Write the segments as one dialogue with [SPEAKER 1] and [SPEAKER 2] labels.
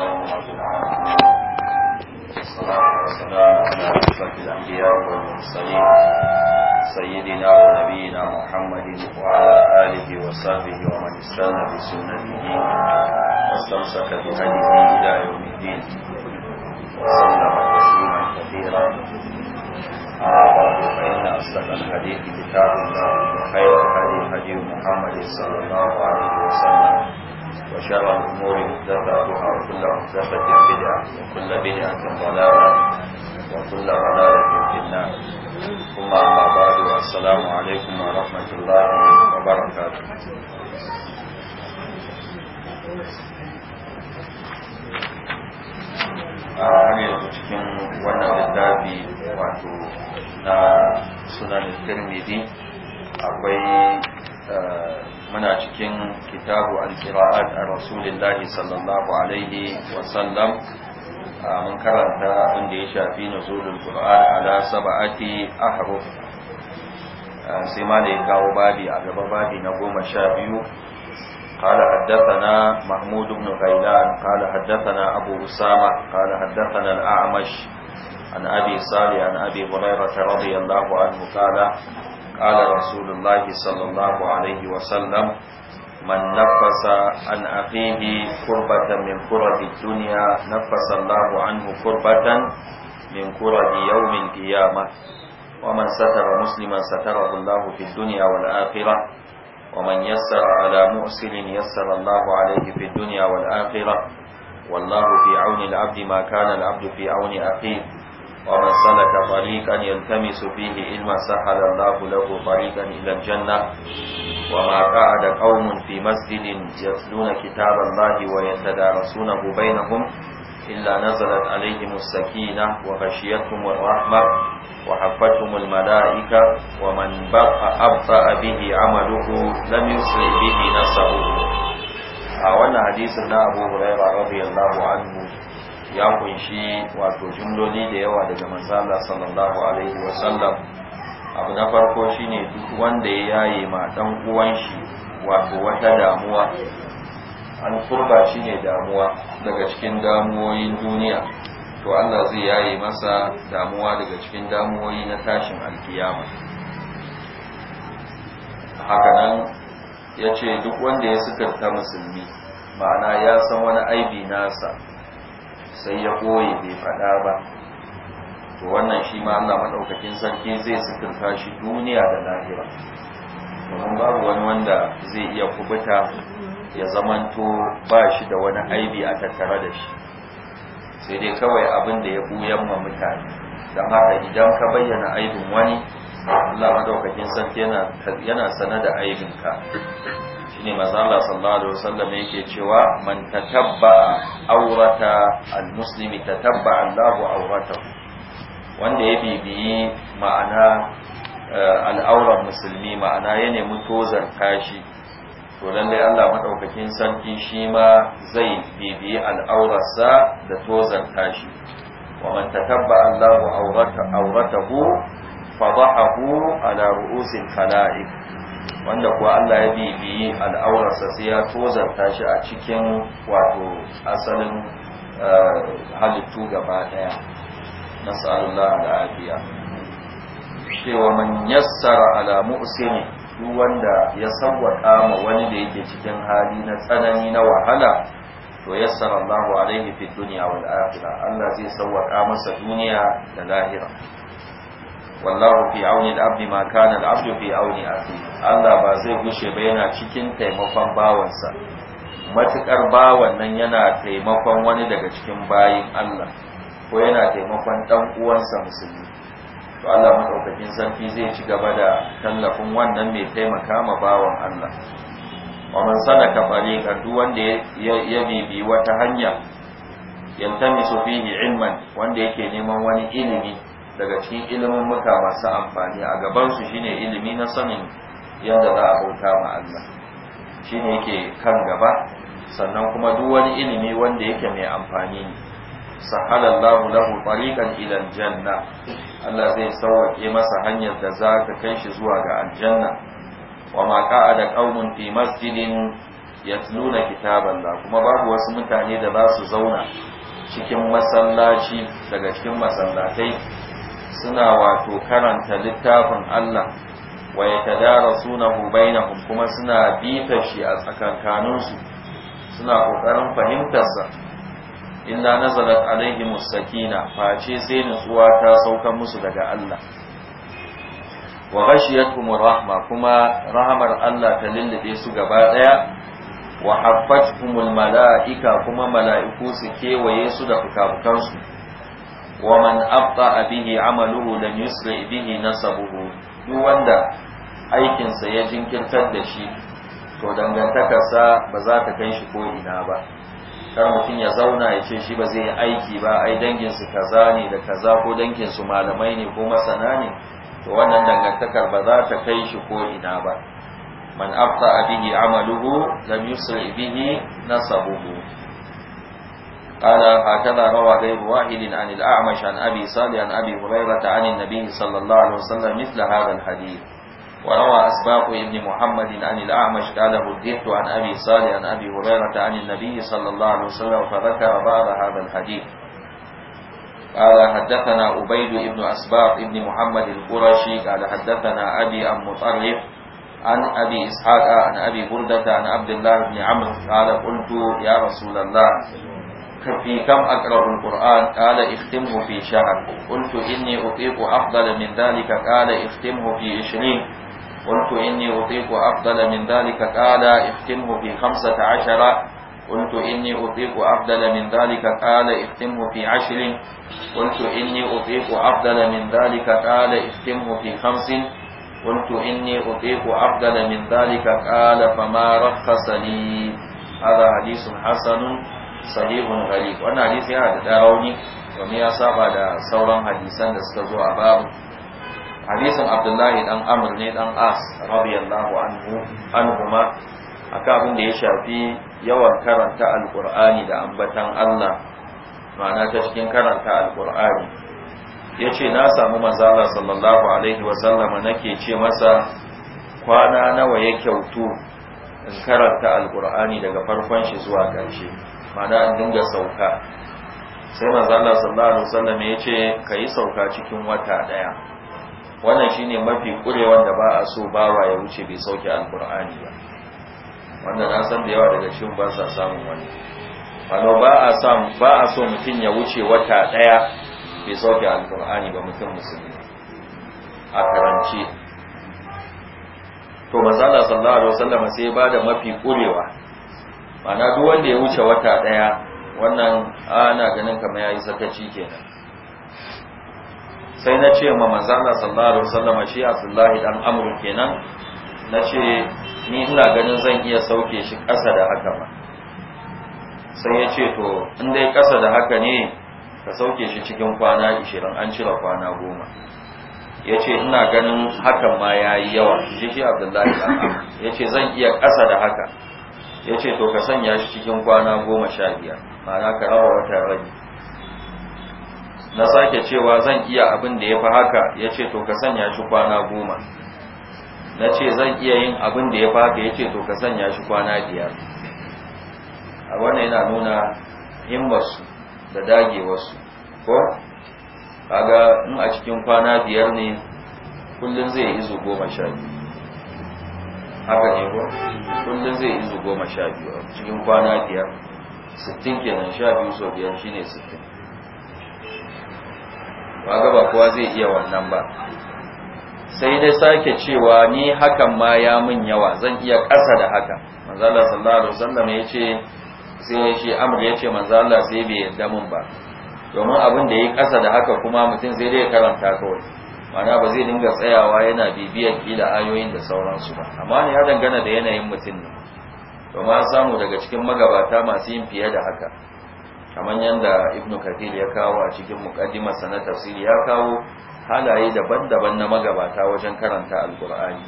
[SPEAKER 1] الله على سيدنا ونبينا محمد وعلى آله وصحبه ومن استنى بسنته واستمسك بهديه إلى يوم الدين وسلم تسليما كثيرا أما فإن أصدق الحديث كتاب الله وخير الحديث هدي محمد صلى الله عليه وسلم وشر الأمور محدثاتها وكل محدثة بدعة وكل بدعة ضلالة وكل ضلالة في النار ثم أما بعد والسلام عليكم ورحمة الله وبركاته har yanzu cikin wannan littafi wato na sunan tirmidhi akwai muna cikin kitabu al-qira'at a rasulillah sallallahu alaihi wasallam mun karanta abin ya shafi nuzulul qur'an ala sab'ati ahruf sai ma da ya kawo babi a gaba babi na goma sha biyu قال حدثنا محمود بن غيلان قال حدثنا أبو أسامة قال حدثنا الأعمش عن أبي صالح عن أبي هريرة رضي الله عنه قال قال رسول الله صلى الله عليه وسلم من نفس عن أخيه كربة من كرب الدنيا نفس الله عنه كربة من كرب يوم القيامة ومن ستر مسلما ستره الله في الدنيا والآخرة ومن يسر على مؤسر يسر الله عليه في الدنيا والآخرة والله في عون العبد ما كان العبد في عون أخيه ومن سلك طريقا يلتمس فيه علما سهل الله له طريقا إلى الجنة وما قعد قوم في مسجد يتلون كتاب الله ويتدارسونه بينهم إلا نزلت عليهم السكينة وغشيتهم الرحمة وحفتهم الملائكة ومن بقى أبطأ به عمله لم يسرع به نسبه a wannan hadisin na abu huraira radiyallahu anhu ya kunshi wato jumloli da yawa daga manzala sallallahu alaihi wasallam abu na farko shine duk wanda ya yaye ma dan uwan shi wato wata damuwa an kurba shi ne damuwa daga cikin damuwoyin duniya to Allah zai yaye masa damuwa daga cikin damuwoyi na tashin alkiyama hakanan ya ce duk wanda ya sukarta musulmi ma'ana ya san wani aibi nasa sai ya koye bai faɗa ba to wannan shi ma Allah madaukakin sarki zai sukunta shi duniya da lahira domin babu wani wanda zai iya kubuta ya zamanto ba shi da wani aibi a tattare da shi sai dai kawai abin da ya buyan ma mutane don haka idan ka bayyana aibin wani Allah madaukakin sarki yana yana sana da aibinka shine manzo Allah sallallahu alaihi wasallam yake cewa man tatabba awrata almuslimi tatabba Allahu awratahu wanda ya bibiyi ma'ana eh, al'aurar musulmi ma'ana ya nemi tozar kashi to lallai Allah madaukakin sarki shi ma zai bibiyi al'aurarsa da tozar kashi wa man tatabba Allahu awratahu fadahahu ala ru'usil khala'iq wanda kuwa Allah ya bibiyi al'aurarsa sai ya tozarta shi a cikin wato asalin eh, halittu gaba daya nas'alullah al'afiya cewa man yassara ala mu'sini duk wanda ya sawwaka ma wani da yake cikin hali na tsanani na wahala to yassara Allahu alaihi fi dunya wal akhirah Allah zai sawwaka masa duniya da lahira wallahu fi auni al-abdi ma kana al-abdu fi auni akhi Allah ba zai gushe ba yana cikin taimakon bawansa matukar bawan nan yana taimakon wani daga cikin bayin Allah ko yana taimakon dan uwansa musulmi to Allah madaukakin sarki zai ci gaba da tallafin wannan mai taimaka ma bawan Allah wa man sanaka fariqan duk wanda ya bibi wata hanya yantamisu fihi ilman wanda yake neman wani ilimi daga cikin ilimin muka masu amfani a gabansu shine ilimi na sanin yadda za a bauta ma Allah shine yake kan gaba sannan kuma duk wani ilimi wanda yake mai amfani ne sahala Allahu lahu tariqan ila aljanna Allah zai sauke masa hanyar da za ka kai shi zuwa ga aljanna wa ma qa'ada qaumun fi masjidin yatluna kitaballah kuma babu wasu mutane da za su zauna cikin masallaci daga cikin masallatai suna wato karanta littafin Allah wa yatadarasunahu bainahum kuma suna bita shi a tsakankaninsu suna ƙoƙarin fahimtarsa illa nazalat alaihim sakina face sai nutsuwa ta sauka musu daga Allah wa ghashiyatuhum rahma kuma rahamar Allah ta lullube su gaba daya wa habbatkumul malaika kuma mala'iku su kewaye su da fukafukansu ومن أبطأ به عمله لم يسرع به نسبه duk wanda aikinsa ya jinkirtar da shi to dangantakarsa ba za ta kai shi ko ba kar mutum ya zauna ya ce shi ba zai yi aiki ba ai danginsu kaza ne da kaza ko danginsu malamai ne ko masana ne to wannan dangantakar ba za ta kai shi ko ina ba man abta bihi amaluhu lam yusri bihi nasabuhu قال هكذا روى غير واحد عن الأعمش عن أبي صالح عن أبي هريرة عن النبي صلى الله عليه وسلم مثل هذا الحديث وروى أسباق ابن محمد عن الأعمش قال رديت عن أبي صالح عن أبي هريرة عن النبي صلى الله عليه وسلم فذكر بعض هذا الحديث قال حدثنا أبيد بن أسباق بن محمد القرشي قال حدثنا أبي أم مطرف عن أبي إسحاق عن أبي بردة عن عبد الله بن عمرو قال قلت يا رسول الله في كم أقرأ القرآن قال اختمه في شهر قلت إني أطيق أفضل من ذلك قال اختمه في عشرين قلت إني أطيق أفضل من ذلك قال اختمه في خمسة عشر قلت إني أطيق أفضل من ذلك قال اختمه في عشر قلت إني أطيق أفضل من ذلك قال اختمه في خمس قلت إني أطيق أفضل من ذلك قال فما رخص لي هذا حديث حسن sahihun gharib wannan hadisi yana da darawuni domin ya saba da sauran hadisan da suka zo a babu hadisin abdullahi dan amr ne dan as radiyallahu anhu anhuma akan abin da ya shafi yawan karanta alqur'ani da ambatan Allah ma'ana ta cikin karanta alqur'ani yace na samu manzala sallallahu alaihi wa sallama nake ce masa kwana nawa ya kyautu in karanta alqur'ani daga farkon shi zuwa ƙarshe Mana an dinga sauka sai manzo Allah sallallahu alaihi wasallam ya ce kai sauka cikin wata daya wannan shine mafi kure da ba a so bawa ya wuce bai sauke alqur'ani ba wannan an san da yawa daga cikin ba sa samun wani wato ba a san ba a so mutum ya wuce wata daya bai sauke alqur'ani ba mutum musulmi a karanci to manzo Allah sallallahu alaihi wasallam sai ya bada mafi kurewa ma'ana duk wanda ya wuce wata daya wannan ana ganin kamar yayi sakaci kenan sai na ce ma manzo Allah sallallahu alaihi wasallam shi Abdullahi dan Amr kenan na ce ni ina ganin zan iya sauke shi ƙasa da haka ba sai ya ce to in dai ƙasa da haka ne ka sauke shi cikin kwana 20 an cire kwana 10 ya ce ina ganin hakan ma ya yi yawa shi shi abdullahi ya ce zan iya ƙasa da haka ya ce to ka sanya shi cikin kwana goma sha biyar ma'ana ka raba wata rabi na sake cewa zan iya abin da ya fi haka ya ce to ka sanya shi kwana goma na ce zan iya yin abin da ya fi haka ya ce to ka sanya shi kwana biyar a wannan yana nuna himmarsu da dagewarsu ko kaga in a cikin kwana biyar ne kullum zai izo goma sha biyu haka ne ko kullum zai izu goma sha biyu a cikin kwana biyar sittin kenan sha biyu sau biyar shine sittin ba gaba kowa zai iya wannan ba sai dai sake cewa ni hakan ma ya min yawa zan iya ƙasa da haka manzala sallallahu alaihi wasallam ya ce sai shi amr ya ce manzala sai bai yarda min ba domin abin da ya ƙasa da haka kuma mutum zai dai karanta kawai mana ba zai dinga tsayawa yana bibiyar kila ayoyin da sauran su ba amma ya dangana da yanayin mutum ne to ma samu daga cikin magabata masu yin fiye da haka kamar yadda ibnu kathir ya kawo a cikin muqaddimar na tafsir ya kawo halaye daban-daban na magabata wajen karanta alqur'ani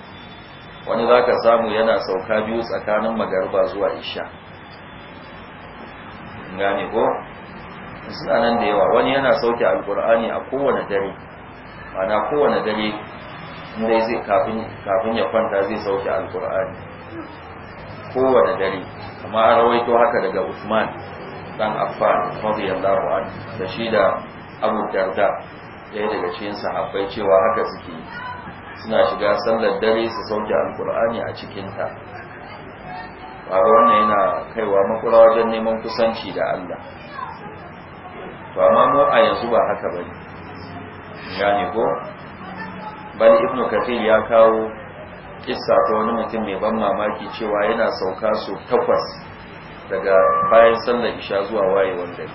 [SPEAKER 1] wani zaka samu yana sauka biyu tsakanin magariba zuwa isha gane ko suna nan da yawa wani yana sauke alqur'ani a kowane dare ana kowane dare dai zai kafin ya kwanta zai sauke alkur'ani kowane dare amma an rawaito haka daga Usman, dan Affan radiyallahu anhu da shi da Abu Darda ɗaya daga cikin sahabbai cewa haka suke suna shiga sallar dare su sauke alkur'ani a cikinta. ta wannan yana kaiwa makura wajen neman kusanci da Allah to amma mu a yanzu ba haka bane gane ko bal ibnu kathir ya kawo kissa ta wani mutum mai ban mamaki cewa yana sauka su takwas daga bayan sallar isha zuwa wayewar dare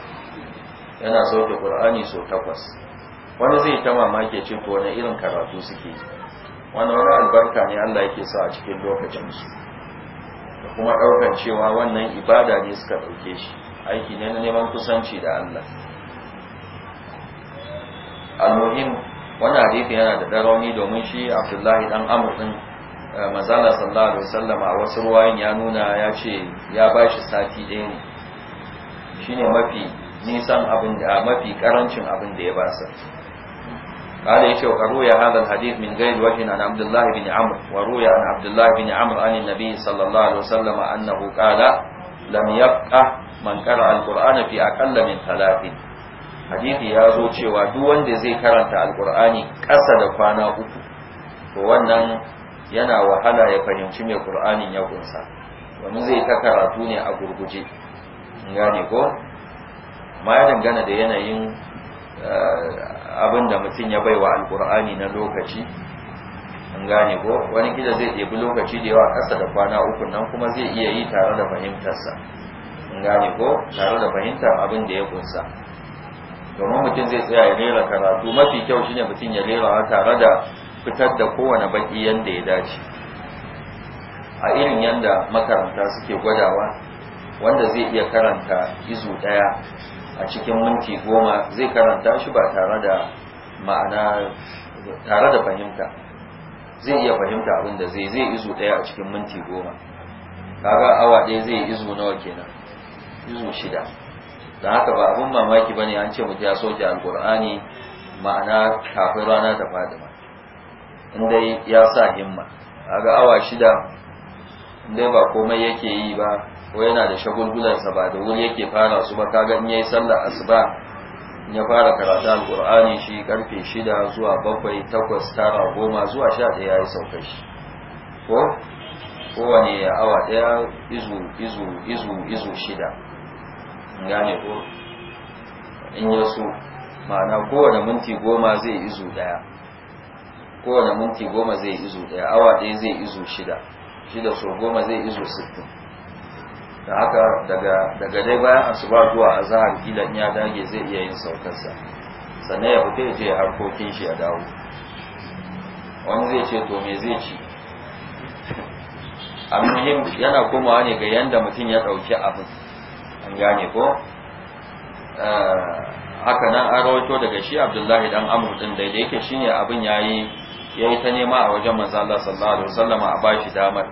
[SPEAKER 1] yana sauke qur'ani so takwas wani zai ta mamaki ce to wani irin karatu suke wani wani albarka ne Allah yake sa a cikin lokacin su da kuma ɗaukar cewa wannan ibada ne suka ɗauke shi aiki ne na neman kusanci da Allah Al-Muhim, wannan hadisi yana da darauni domin shi abdullahi dan amr din eh, manzala sallallahu alaihi wasallam a wasu ruwayin ya nuna ya ce ya bashi sati ɗaya ne shine mafi nisan abin da mafi karancin abin da ya ba sa قال يشو روي هذا الحديث من غير وجه عن عبد الله بن عمرو وروي عن عبد الله بن عمرو عن النبي صلى الله عليه وسلم أنه قال لم يفقه من قرأ القرآن في أقل من ثلاث hadisi ya zo cewa duk wanda zai karanta alkur'ani ƙasa da kwana uku to wannan yana wahala ya fahimci mai qur'anin ya kunsa wani zai ta karatu ne a gurguje gane ko ma ya dangana da yanayin eh, abin da mutum ya baiwa alkur'ani na lokaci an gane ko wani gida zai ɗebi lokaci da yawa ƙasa da kwana uku nan kuma zai iya yi tare da fahimtarsa an gane ko tare da fahimtar abin da ya kunsa domin mutum zai tsaya ya rera karatu mafi kyau shine mutum ya rera tare da fitar da kowane baki yanda ya dace a irin yanda makaranta suke gwadawa wanda zai iya karanta izu daya a cikin minti goma zai karanta shi ba tare da ma'ana tare da fahimta zai iya fahimta abin da zai zai izu daya a cikin minti goma kaga awa ɗaya zai izu nawa kenan izu shida da haka ba abun mamaki bane an ce mutum ya soke alkur'ani ma'ana kafin rana ta fadi ma in dai ya sa himma kaga awa shida in dai ba komai yake yi ba ko yana da shagulgularsa ba da wuri yake fara su ba kaga in yayi sallar asuba in ya fara karatu alkur'ani shi karfe shida zuwa bakwai takwas tara goma zuwa sha ɗaya ya yi saukar shi ko kowane awa ɗaya izu izu izu izu shida gane ko in ya so ma'ana kowane minti goma zai izu daya kowane minti goma zai izu daya awa ɗaya zai izu shida shida so goma zai izu sittin da haka daga dai bayan asuba zuwa a zahar kila ya dage zai iya yin saukarsa sannan ya fita ya je harkokin shi ya dawo wani zai ce to me zai ci almuhim yana komawa ne ga yanda mutum ya ɗauki abin an gane ko eh, haka nan an rawato daga shi abdullahi dan amur din da yake ne abin ya yi ta nema a wajen manzo sallallahu alaihi a bashi damar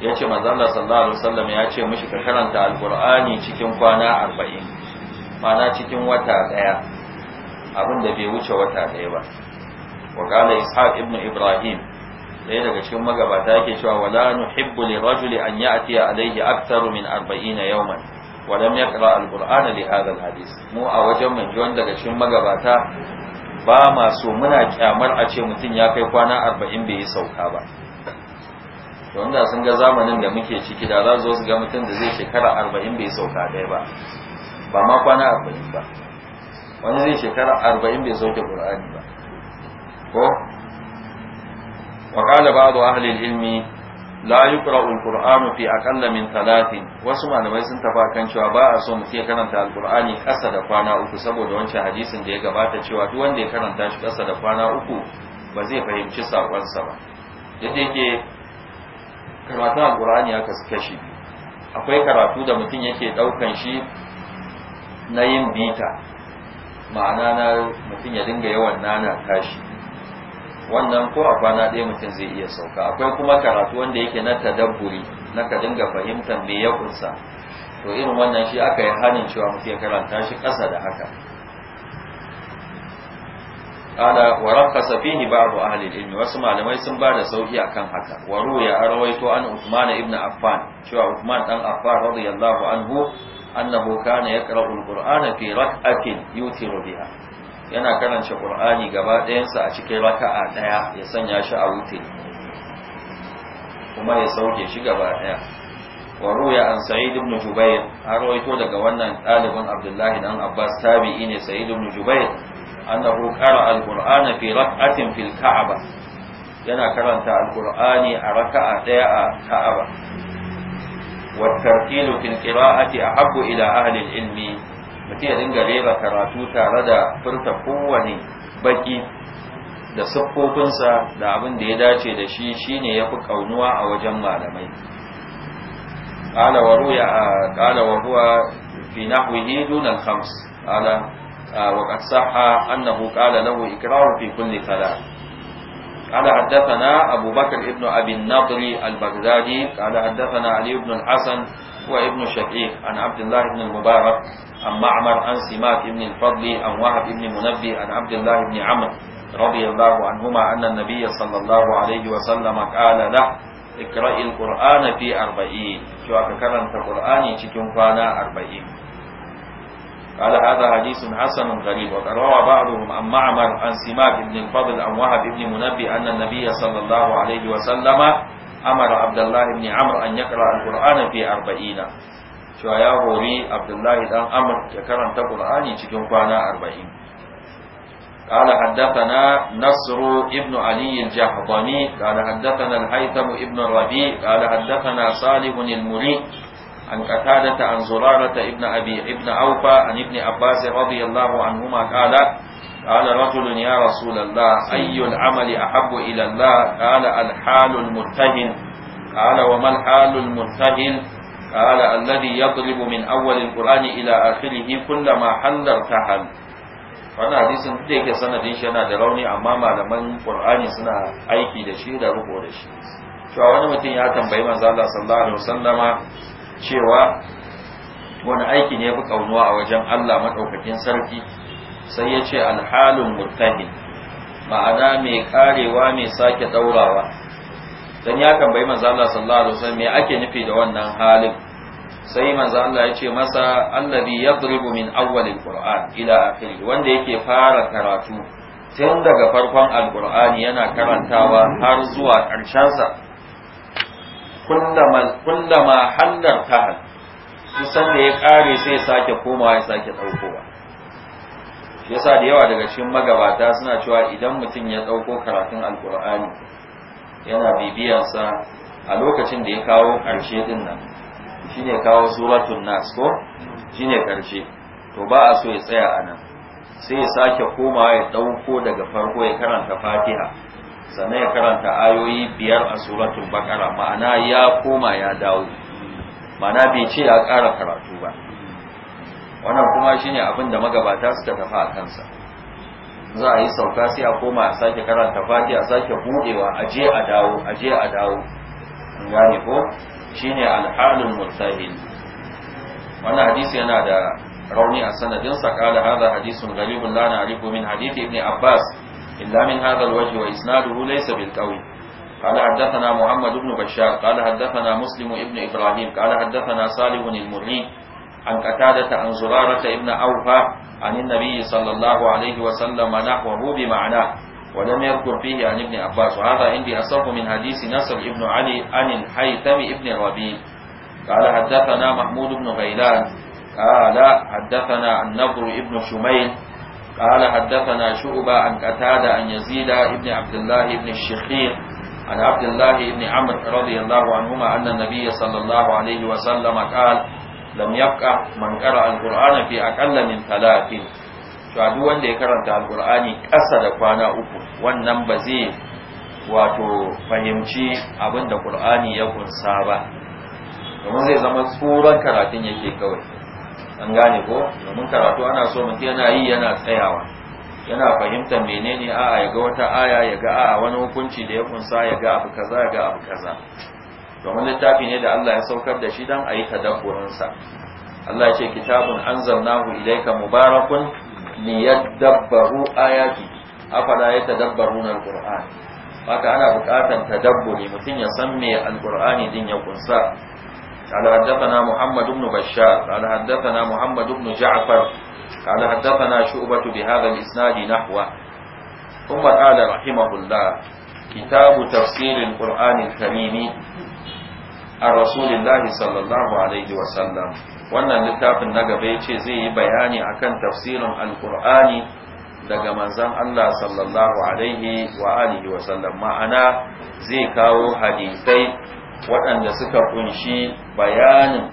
[SPEAKER 1] Ya ce Allah sallallahu alaihi ya ce mishi ka karanta alkur'ani cikin kwana arba'in. mana cikin wata daya abin da bai wuce wata daya ba wa qala ishaq ibn ibrahim ɗaya daga cikin magabata yake cewa wala nuhibbu li rajuli an ya'tiya alayhi aktaru min arba'ina yawman walam yaqra alqur'ana li hadha alhadith mu a wajen mun ji wanda daga cikin magabata ba ma so muna kyamar a ce mutum ya kai kwana 40 bai yi sauka ba to wanda sun ga zamanin da muke ciki da za su ga mutum da zai shekara 40 bai sauka dai ba ba ma kwana 40 ba wani zai shekara 40 bai sauke qur'ani ba ko wa qala ba'du ahli al la yuqra'u al-qur'anu fi aqalla min wasu malamai sun tafa kan cewa ba a so mutum ya karanta al kasa da kwana uku saboda wancan hadisin da ya gabata cewa duk wanda ya karanta shi kasa da kwana uku ba zai fahimci sakonsa ba da yake karatun al ya aka kashi akwai karatu da mutum yake daukan shi na yin bita ma'ana na mutum ya dinga yawan nana tashi wannan ko a kwana ɗaya mutum zai iya sauka akwai kuma karatu wanda yake na tadabburi na ka dinga fahimtar me ya kunsa to irin wannan shi aka yi hanin cewa mutum ya karanta shi ƙasa da haka ala wa rakhasa fihi ba'd ahli al-ilm wasu malamai sun bada sauki akan haka wa ruya arwaito an Uthman ibn Affan cewa Uthman dan Affan radiyallahu anhu annahu kana yaqra'u al-Qur'ana fi rak'atin yutiru biha yana karanta qur'ani gaba ɗayansa a cikin raka'a ɗaya ya sanya shi a wuce kuma ya sauke shi gaba ɗaya wa ruya an sa'id ibn jubair har rawaito daga wannan ɗalibin abdullahi dan abbas tabi'i ne sa'id ibn jubair annahu qara al-qur'ana fi rak'atin fil ka'aba yana karanta al-qur'ani a raka'a ɗaya a ka'aba والترتيل في القراءة أحب إلى أهل العلم mutum ya dinga rera karatu tare da furta kowane baki da siffofinsa da abin da ya dace da shi shine yafi kaunuwa a wajen malamai Ƙala wa ruya qala wa huwa fi nahwihi dun al ah, wa annahu ƙala lahu ikrahu fi kulli salat قال حدثنا أبو بكر ابن أبي النضر البغدادي قال حدثنا علي بن الحسن ابن شقيق عن عبد الله بن المبارك عن معمر عن سماك بن الفضل عن وهب بن منبه عن عبد الله بن عمرو رضي الله عنهما أن النبي صلى الله عليه وسلم قال له اقرأ القرآن في أربعين شو في القرآن تكون فانا أربعين قال هذا حديث حسن غريب وقد روى بعضهم عن معمر عن سماك بن الفضل عن وهب بن منبه أن النبي صلى الله عليه وسلم amara abdullahi ibn amr an yaqra alqur'ana fi arba'ina cewa ya hori abdullahi dan amr ya karanta qur'ani cikin kwana 40 قال حدثنا نصر ابن علي الجحضمي قال حدثنا الهيثم ابن ربيع قال حدثنا صالح المري عن قتادة عن زرارة ابن أبي ابن أوفى عن ابن عباس رضي الله عنهما قال قال رجل يا رسول الله أي العمل أحب إلى الله قال الحال المرتهن قال وما الحال المرتهن قال الذي يضرب من أول القرآن إلى آخره كلما حل ارتحل wannan hadisin duk da yake sanadin shi yana da rauni amma malaman Qur'ani suna aiki da shi da rubo da cewa wani mutum ya tambayi manzo Allah sallallahu alaihi wasallama cewa wani aiki ne ya fi kaunuwa a wajen Allah madaukakin sarki sai ya ce alhalin murtahin ma'ana mai karewa mai sake daurawa don ya kan bai manzo Allah sallallahu alaihi wasallam me ake nufi da wannan halin sai manzo Allah ya ce masa allazi yadribu min awwalil qur'an ila akhirih wanda yake fara karatu tun daga farkon alqur'ani yana karantawa har zuwa ƙarshensa sa kullama kullama hallar tahal kusan da ya kare sai sake komawa ya sake daukowa yasa da yawa daga cikin magabata suna cewa idan mutum ya ɗauko karatun alkur'ani yana bibiyar sa, a lokacin da ya kawo ƙarshe din nan shine kawo suratun nas ko shine ƙarshe to ba a so ya tsaya a nan sai ya sake komawa ya ɗauko daga farko ya karanta fatiha sannan ya karanta ayoyi biyar a suratun bakara ma'ana ya koma ya dawo ma'ana bai ce ya ƙara karatu ba wannan kuma shine abin da magabata suka tafa a kansa za a yi sauka sai a koma a sake karanta fati a sake buɗewa a je a dawo a je a dawo gane ko shine alhalin mutahil wannan hadisi yana da rauni a sanadin sa qala hadha hadithun ghalibun la na'rifu min hadithi ibn abbas illa min hadha alwajh wa isnaduhu laysa bil qawi قال حدثنا محمد بن بشار قال حدثنا مسلم ابن إبراهيم قال حدثنا صالح المري عن قتادة عن زرارة ابن أوفى عن النبي صلى الله عليه وسلم نحوه بمعناه ولم يذكر فيه عن ابن عباس وهذا عندي أصح من حديث نصر ابن علي عن الحيثم ابن ربيع قال حدثنا محمود بن غيلان قال حدثنا النضر ابن شميل قال حدثنا شعبة عن قتادة عن يزيد ابن عبد الله ابن الشخير عن عبد الله ابن عمرو رضي الله عنهما أن النبي صلى الله عليه وسلم قال lam yabqa man qara alqur'ana fi aqalla min talatin to duk wanda ya karanta alqur'ani ƙasa da kwana uku wannan ba zai wato fahimci abin da qur'ani ya kunsa ba domin zai zama tsoron karatun yake kawai an gane ko domin karatu ana so mutum yana yi yana tsayawa yana fahimtar menene a'a ya ga wata aya ya ga a'a wani hukunci da ya kunsa ya ga abu kaza ya ga abu kaza domin littafi ne da Allah ya saukar da shi don a yi tadabburinsa Allah ya ce kitabun anzalnahu ka mubarakun liyadabbaru ayati afala yatadabbaruna alquran haka ana buƙatar tadabburi mutum ya san me Alƙur'ani din ya kunsa قال حدثنا محمد بن بشار قال حدثنا محمد بن جعفر قال حدثنا شعبة بهذا الإسناد نحوه ثم قال رحمه الله كتاب تفسير القرآن الكريم a rasulillahi sallallahu alaihi wasallam wannan littafin na gaba ya ce zai yi bayani akan tafsirin alkur'ani daga manzan Allah sallallahu alaihi wa alihi wasallam ma'ana zai kawo hadisai waɗanda suka kunshi bayanin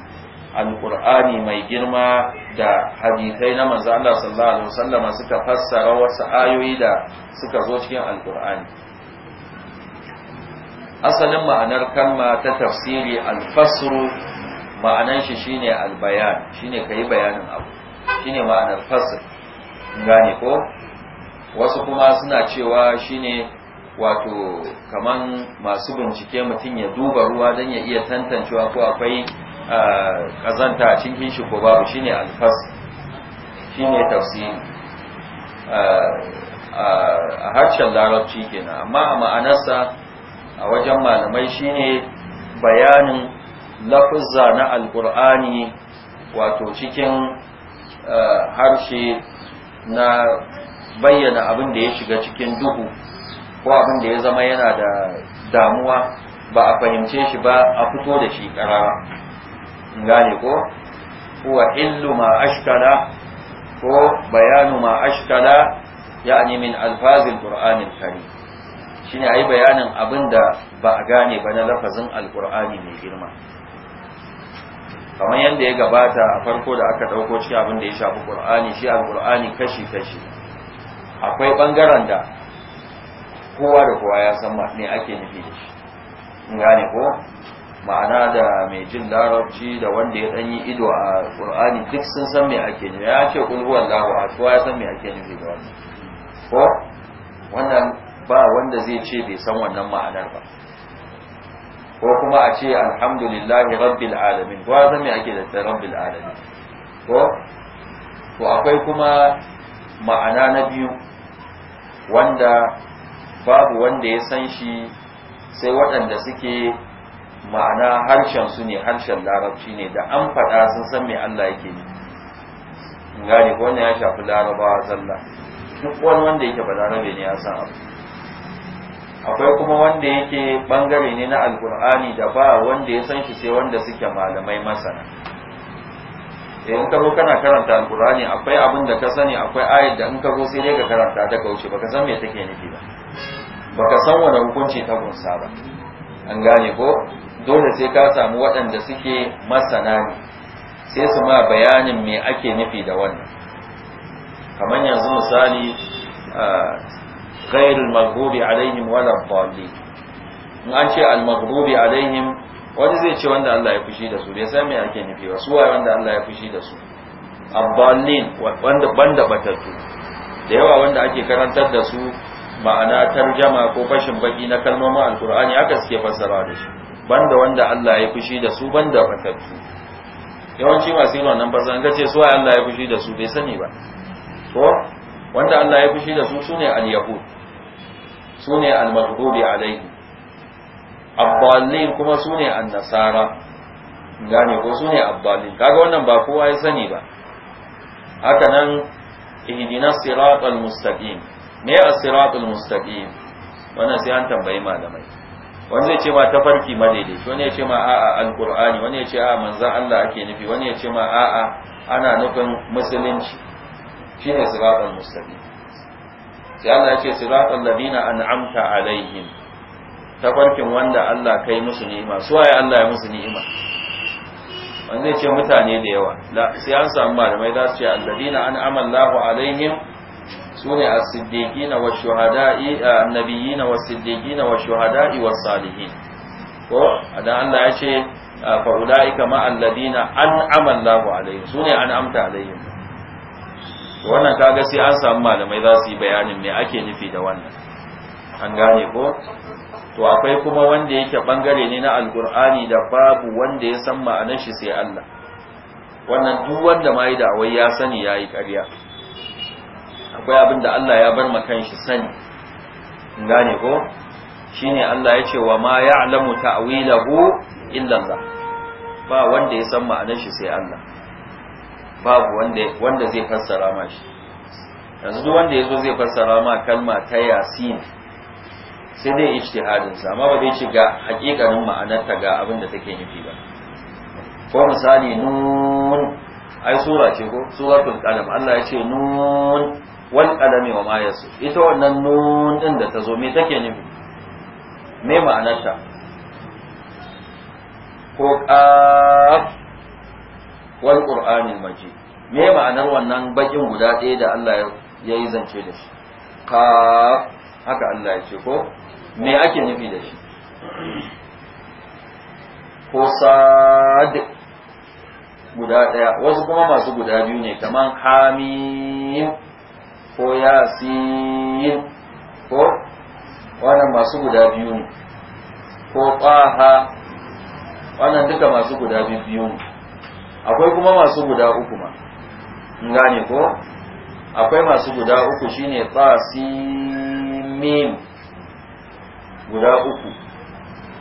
[SPEAKER 1] alkur'ani mai girma da hadisai na manzan Allah sallallahu alaihi wasallama suka fassara wasu ayoyi da suka zo cikin alkur'ani asalin ma'anar kalma ta tafsiri alfasru ma'anan shi shine albayan shine kai bayanin abu shine ma'anar fasr gane ko wasu kuma suna cewa shine wato kaman masu bincike mutum ya duba ruwa don ya iya tantancewa ko akwai kazanta a cikin shi ko babu shine alfasr shine tafsiri a harshen larabci kenan amma a ma'anarsa a wajen malamai shine bayanin lafuzza na alkur'ani wato cikin eh, harshe na bayyana abin da ya shiga cikin duhu ko abin da ya zama yana da damuwa ba a fahimce shi ba a fito da shi karara gane ko wa illu ma ashkala ko bayanu ma ashkala yani min alfazin qur'anil karim shine ayi bayanin abin da ba a gane ba na lafazin alkur'ani mai girma kamar yadda ya gabata a farko da aka ɗauko cikin abin da ya shafi ƙur'ani shi alƙur'ani kashi-kashi akwai ɓangaren da kowa da kowa ya san ne ake nufi da shi in gane ko ma'ana da mai jin larabci da wanda ya ɗanyi ido a ƙur'ani duk sun san me ake nufi ya ce ƙulhuwan lahu a kowa ya san me ake nufi da wannan ko wannan ba wanda zai ce bai san wannan ma'anar ba ko kuma a ce alhamdulillahi rabbil alamin ko zan me ake da rabbil alamin ko to akwai kuma ma'ana na biyu wanda babu wanda ya san shi sai waɗanda suke ma'ana harshen su ne harshen larabci ne da an faɗa sun san me Allah yake ne gane ko wannan ya shafi larabawa zalla duk wani wanda yake ba larabe ne ya san abu akwai kuma wanda yake bangare ne na alkur'ani da ba wanda ya san shi sai wanda suke malamai masana eh, in ka zo kana karanta alkur'ani akwai abin da ka sani akwai ayat da in ka zo sai dai ka karanta ta kauce baka san me take nufi ba baka san wani hukunci ta gunsa ba an gane ko dole sai ka samu waɗanda suke masana ne sai su ma bayanin me ake nufi da wannan kamar yanzu misali ah, غير المغضوب عليهم wala الضالين in an ce al maghdubi alaihim wani zai ce wanda Allah ya fushi da su bai san me ake nufi ba su waye wanda Allah ya fushi da su abbalin wanda banda batattu da yawa wanda ake karantar da su ma'ana tarjama ko fashin baki na kalmomin alkur'ani aka suke fassara da shi banda wanda Allah ya fushi da su banda batattu yawanci masu yin wannan fassara ga ce su waye Allah ya fushi da su bai sani ba ko wanda Allah ya fushi da su sune al-yahud su ne almaghdubi alaihi abbalin kuma su ne annasara gane ko su ne abbalin kaga wannan ba kowa ya sani ba haka nan ihdina siratal mustaqim me a siratal mustaqim wannan sai an tambayi malamai wani zai ce ma tafarki madaidaici wani ya ce ma a'a alqur'ani wani ya ce a'a manzon Allah ake nufi wani ya ce ma a'a ana nufin musulunci shine siratal mustaqim sai Allah ya ce siratal ladina an'amta alaihim tafarkin wanda Allah kai musu ni'ima su waye Allah ya musu ni'ima wanda zai ce mutane da yawa sai an samu malamai za su ce alladina an'ama Allahu alaihim sune as-siddiqin wa shuhada'i annabiyyin wa siddiqin wa shuhada'i wa salihin ko dan Allah ya ce fa ulaika ma alladina an'ama Allahu alaihim sune an'amta alaihim wannan kaga sai an samu malamai za su yi bayanin me ake nufi da wannan an gane ko to akwai kuma wanda yake bangare ne na alkur'ani da babu wanda ya san ma'anar shi sai Allah wannan duk wanda ma yi da'awai ya sani ya yi ƙarya akwai abin da Allah ya bar makan shi sani An gane ko shine Allah ya ce wa ma ya'lamu ta'wilahu illa Allah ba wanda ya san ma'anar shi sai Allah babu wanda zai fassara ma shi yanzu duk wanda yazo zai fassara ma kalma ta yasin sai dai ijtihadin sa amma ba zai ce ga hakikanin ma'anar ta ga abin da take nufi ba ko misali nun ai sura ce ko suratul qalam Allah ya ce nun wal qalami wa ma yasu ita wannan nun din da ta zo me take nufi me ma'anar ta ko qaf wal qur'anil majid me ma'anar wannan bakin guda ɗaya da Allah ya yi zance da shi ka haka Allah ya ce ko me ake nufi da shi ko sad guda ɗaya wasu kuma masu guda biyu ne kaman hamim ko yasin ko wannan masu guda biyu ne ko ƙaha wannan duka masu guda biyu ne akwai kuma masu guda uku ma in gane ko akwai masu guda uku shine fa-si-min guda uku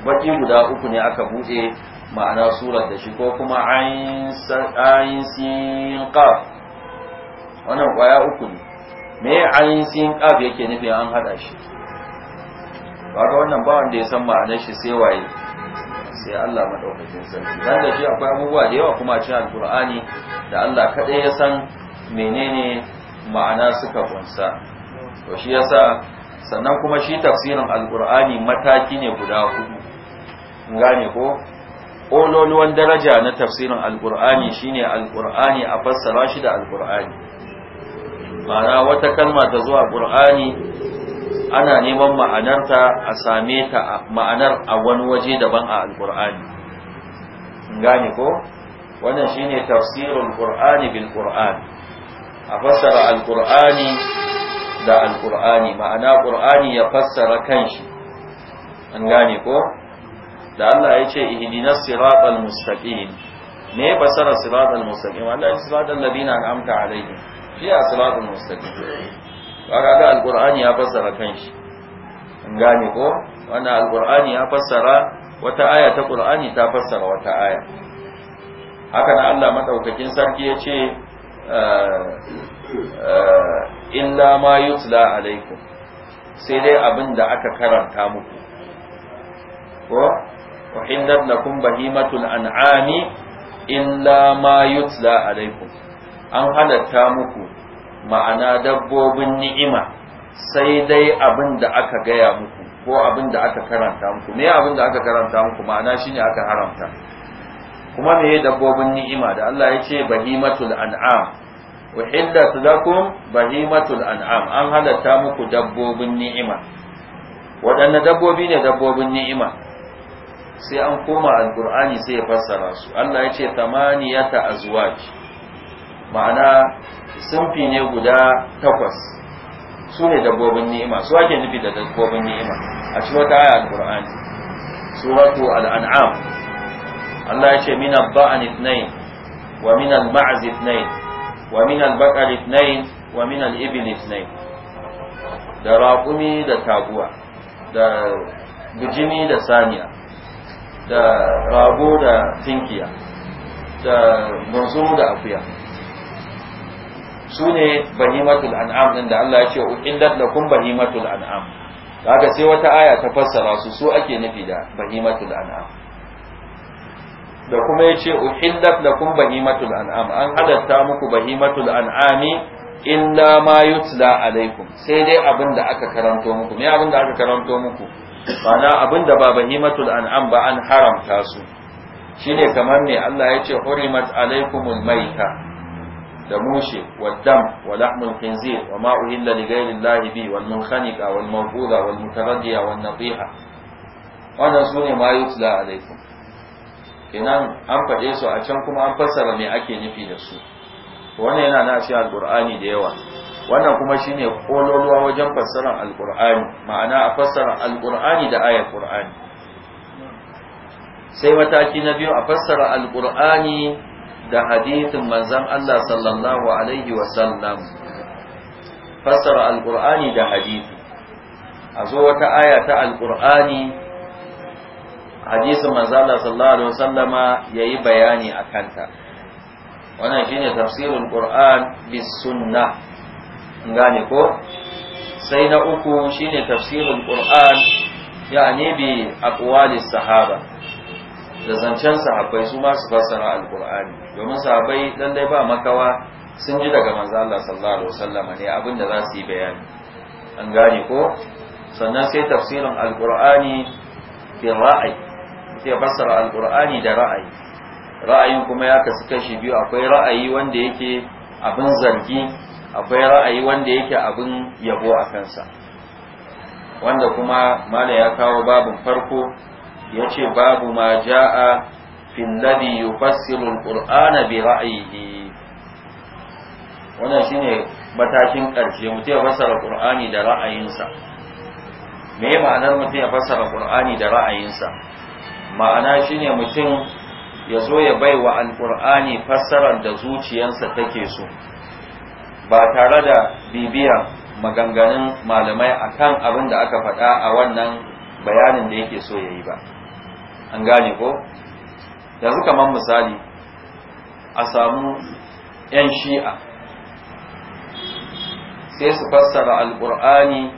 [SPEAKER 1] baki guda uku ne aka bude ma'ana surar da shi ko kuma ayin sin qaf wannan kwaya uku ne me ayin sin qaf yake nufi an hada shi wato wannan ba wanda ya san ma'anar shi sai waye sai Allah madaukakin sarki dan da shi akwai abubuwa da yawa kuma a cikin alqur'ani da Allah kadai ya san menene ma'ana suka kunsa to shi yasa sannan kuma shi tafsirin alqur'ani mataki ne guda hudu gane ko ololuwan daraja na tafsirin alƙur'ani shine alƙur'ani a fassara shi da alƙur'ani ma'ana wata kalma ta zuwa ƙur'ani ana neman ma'anarta a same ta ma'anar a wani waje daban a alkur'ani gane ko wannan shine tafsirul qur'ani bil qur'an a fassara alkur'ani da alkur'ani ma'ana qur'ani ya fassara kanshi an gane ko da Allah ya ce ihdinas siratal mustaqim me fassara siratal mustaqim Allah ya siratal ladina an'amta alaihim shi siratal mustaqim ba ga alqur'ani ya fassara kanshi in gane ko wannan alqur'ani ya fassara wata aya ta qur'ani ta fassara wata aya haka na Allah madaukakin sarki yace eh, eh, illa ma yutla alaikum sai dai abin da aka karanta muku ko uhillat lakum bahimatul an'ami illa ma yutla alaikum an halatta muku ma'ana dabbobin ni'ima sai dai abin da aka gaya muku ko abin da aka karanta muku me abin da aka karanta muku ma'ana shine aka haramta kuma me dabbobin ni'ima da Allah ya ce bahimatul an'am uhillat lakum bahimatul an'am an halatta muku dabbobin ni'ima waɗanne dabbobi ne dabbobin ni'ima sai an koma alqur'ani sai ya fassara su Allah ya ce tamaniyata azwaj ma'ana sunfi ne guda takwas su ne dabbobin ni'ima su ake nufi da dabbobin ni'ima a cikin wata aya al-qur'ani suratu al-an'am Allah ya ce min al-ba'an ithnain wa min al-ma'z ithnain wa min al-baqar ithnain wa min al-ibil ithnain da raƙumi da taguwa da bijimi da saniya da rago da tinkiya da munzuru da akuya su ne bahimatul an'am din da Allah ya ce uhillat lakum bahimatul an'am kaga sai wata aya ta fassara su su ake nufi da bahimatul an'am da kuma yace uhillat lakum bahimatul an'am an halatta muku bahimatul an'ami illa ma yutla alaikum sai dai abin da aka karanto muku me abin da aka karanto muku Bana abin da ba bahimatul an'am ba an haramta su shine kamar ne Allah ya ce hurimat alaikumul maita da mushe dam wa lahmul khinzir wa ma uhilla li ghayri llahi bi wal munkhaniqa wal mawquda wal mutaraddiya wan nadiha wannan sune ma yutla alaikum kenan an faɗe su a can kuma an fassara me ake nufi da su wannan yana na cikin alqur'ani da yawa wannan kuma shine kololuwa wajen fassarar alqur'ani ma'ana a fassara alqur'ani da ayar qur'ani sai mataki na biyu a fassara alqur'ani da hadithin manzan Allah sallallahu alaihi wasallam fassara alkur'ani da hadithi a zo wata aya ta al alkur'ani hadithin manzan Allah sallallahu alaihi wasallama yayi bayani a kanta wannan shine tafsirin qur'an bis sunnah gane ko sai na uku shine tafsirul qur'an yani bi aqwalis sahaba da zancen sahabbai su ma su fassara alkur'ani domin sahabbai dan dai ba makawa sun ji daga manzo Allah sallallahu alaihi wasallam ne abin da za su yi bayani an gane ko sannan sai tafsirin alkur'ani fi ra'ayi sai fassara alkur'ani da ra'ayi ra'ayin kuma ya kasu kashi biyu akwai ra'ayi wanda yake abin zargi akwai ra'ayi wanda yake abin yabo a kansa wanda kuma malam ya kawo babin farko yace babu ma jaa fi alladhi yufassiru alqur'ana bi ra'yihi wannan shine matakin ƙarshe mutum ya fassara qur'ani da ra'ayinsa me ma'anar mutum ya fassara qur'ani da ra'ayinsa ma'ana shine mutum ya zo ya bai wa alqur'ani fassarar da zuciyarsa take so ba tare da bibiya maganganun malamai akan abin da aka faɗa a wannan bayanin da yake so ya yi ba an gane ko yanzu kamar misali a samu 'yan shi'a sai su fassara alkur'ani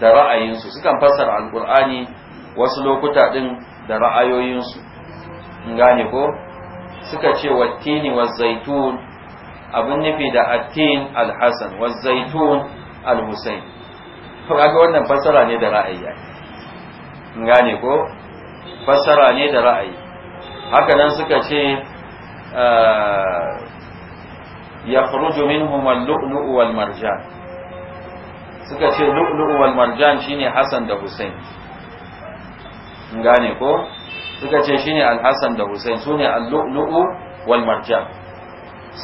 [SPEAKER 1] da ra'ayinsu sukan fassara alkur'ani wasu lokuta ɗin da ra'ayoyinsu in gane ko suka ce wattini wa zaitun abin nufi da attin alhassan wa zaitun alhussein to kaga wannan fassara ne da ra'ayi in gane ko fassara ne da ra'ayi haka nan suka ce ah, ya furuju minhum al-lu'lu'u wal marjan suka ce lu'lu'u wal marjan shine Hassan da Hussein gane ko suka ce shine al-Hassan da Hussein sune al-lu'lu'u wal marjan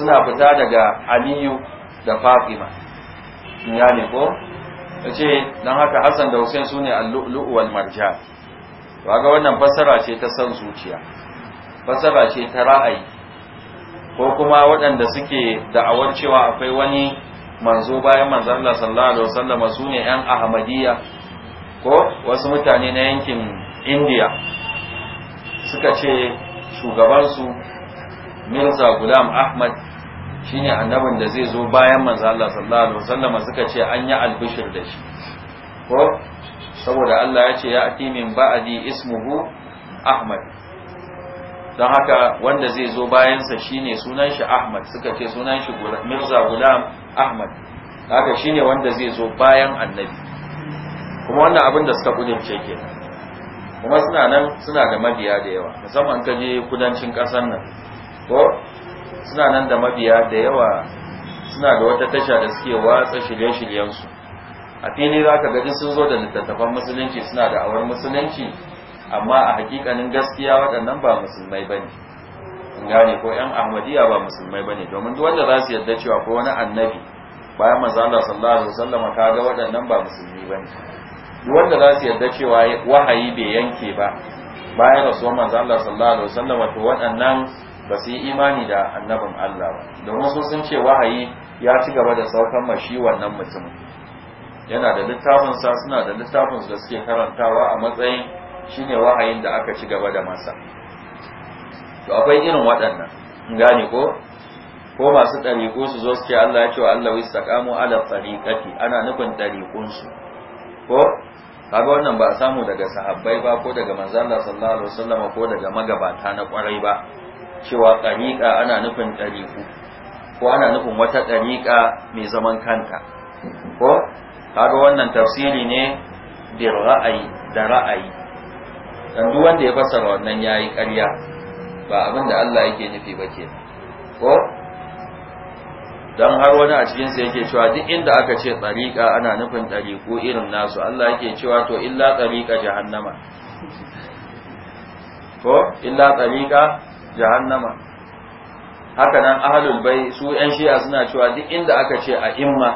[SPEAKER 1] suna fita daga Aliyu da Fatima gane ko ce dan haka Hassan da Hussein sune al-lu'lu'u wal marjan waga wannan fasara ce ta san zuciya fasara ce ta ra'ayi ko kuma waɗanda suke da'awar cewa akwai wani manzo bayan manzo Allah sallallahu alaihi wasallam su ne ƴan Ahmadiyya ko wasu mutane na yankin indiya suka ce shugabansu Mirza Gulam Ahmad shine annabin da zai zo bayan manzo Allah sallallahu alaihi wasallam suka ce an yi albishir da shi ko saboda Allah ya ce ya ati min ba'adi ismuhu Ahmad don haka wanda zai zo bayansa shine sunan shi Ahmad suka ce sunan shi Mirza Gulam Ahmad haka shine wanda zai zo bayan annabi kuma wannan abin da suka kudince kenan kuma suna nan suna da mabiya da yawa musamman ka je kudancin ƙasar nan ko suna nan da mabiya da yawa suna da wata tasha da suke watsa shirye-shiryensu a fili za ka gaji sun zo da littattafan musulunci suna da awar musulunci amma a hakikanin gaskiya waɗannan ba musulmai ba ne gane ko yan ahmadiyya ba musulmai ba ne domin duk wanda za su yarda cewa ko wani annabi bayan manzo Allah sallallahu alaihi wasallam ka ga waɗannan ba musulmi ba ne duk wanda za su yarda cewa wahayi bai yanke ba bayan rasuwa manzo Allah sallallahu alaihi wasallam to waɗannan ba su yi imani da annabin Allah ba domin su sun ce wahayi ya ci gaba da saukan mashi wannan mutumin yana da littafinsa suna da littafin da suke karantawa a matsayin shine wahayin da aka ci gaba da masa to akwai irin waɗannan in gane ko ko masu ɗariƙo su zo suke Allah ya ce wa Allah wai saqamu ala tariqati ana nufin ɗariƙun su ko kaga wannan ba a samu daga sahabbai ba ko daga manzo Allah sallallahu alaihi wasallam ko daga magabata na kwarai ba cewa ɗariƙa ana nufin ɗariƙu ko ana nufin wata ɗariƙa mai zaman kanta kaga wannan tafsiri ne bil ra'ayi da ra'ayi dan duk wanda ya fassara wannan yayi ƙarya ba abin da Allah yake nufi ba ke ko dan har wani a cikin sa yake cewa duk inda aka ce tsariƙa ana nufin ɗariƙo irin nasu Allah yake cewa to illa tsariƙa jahannama ko illa tsariƙa jahannama haka nan ahlul bai su yan shi'a suna cewa duk inda aka ce a imma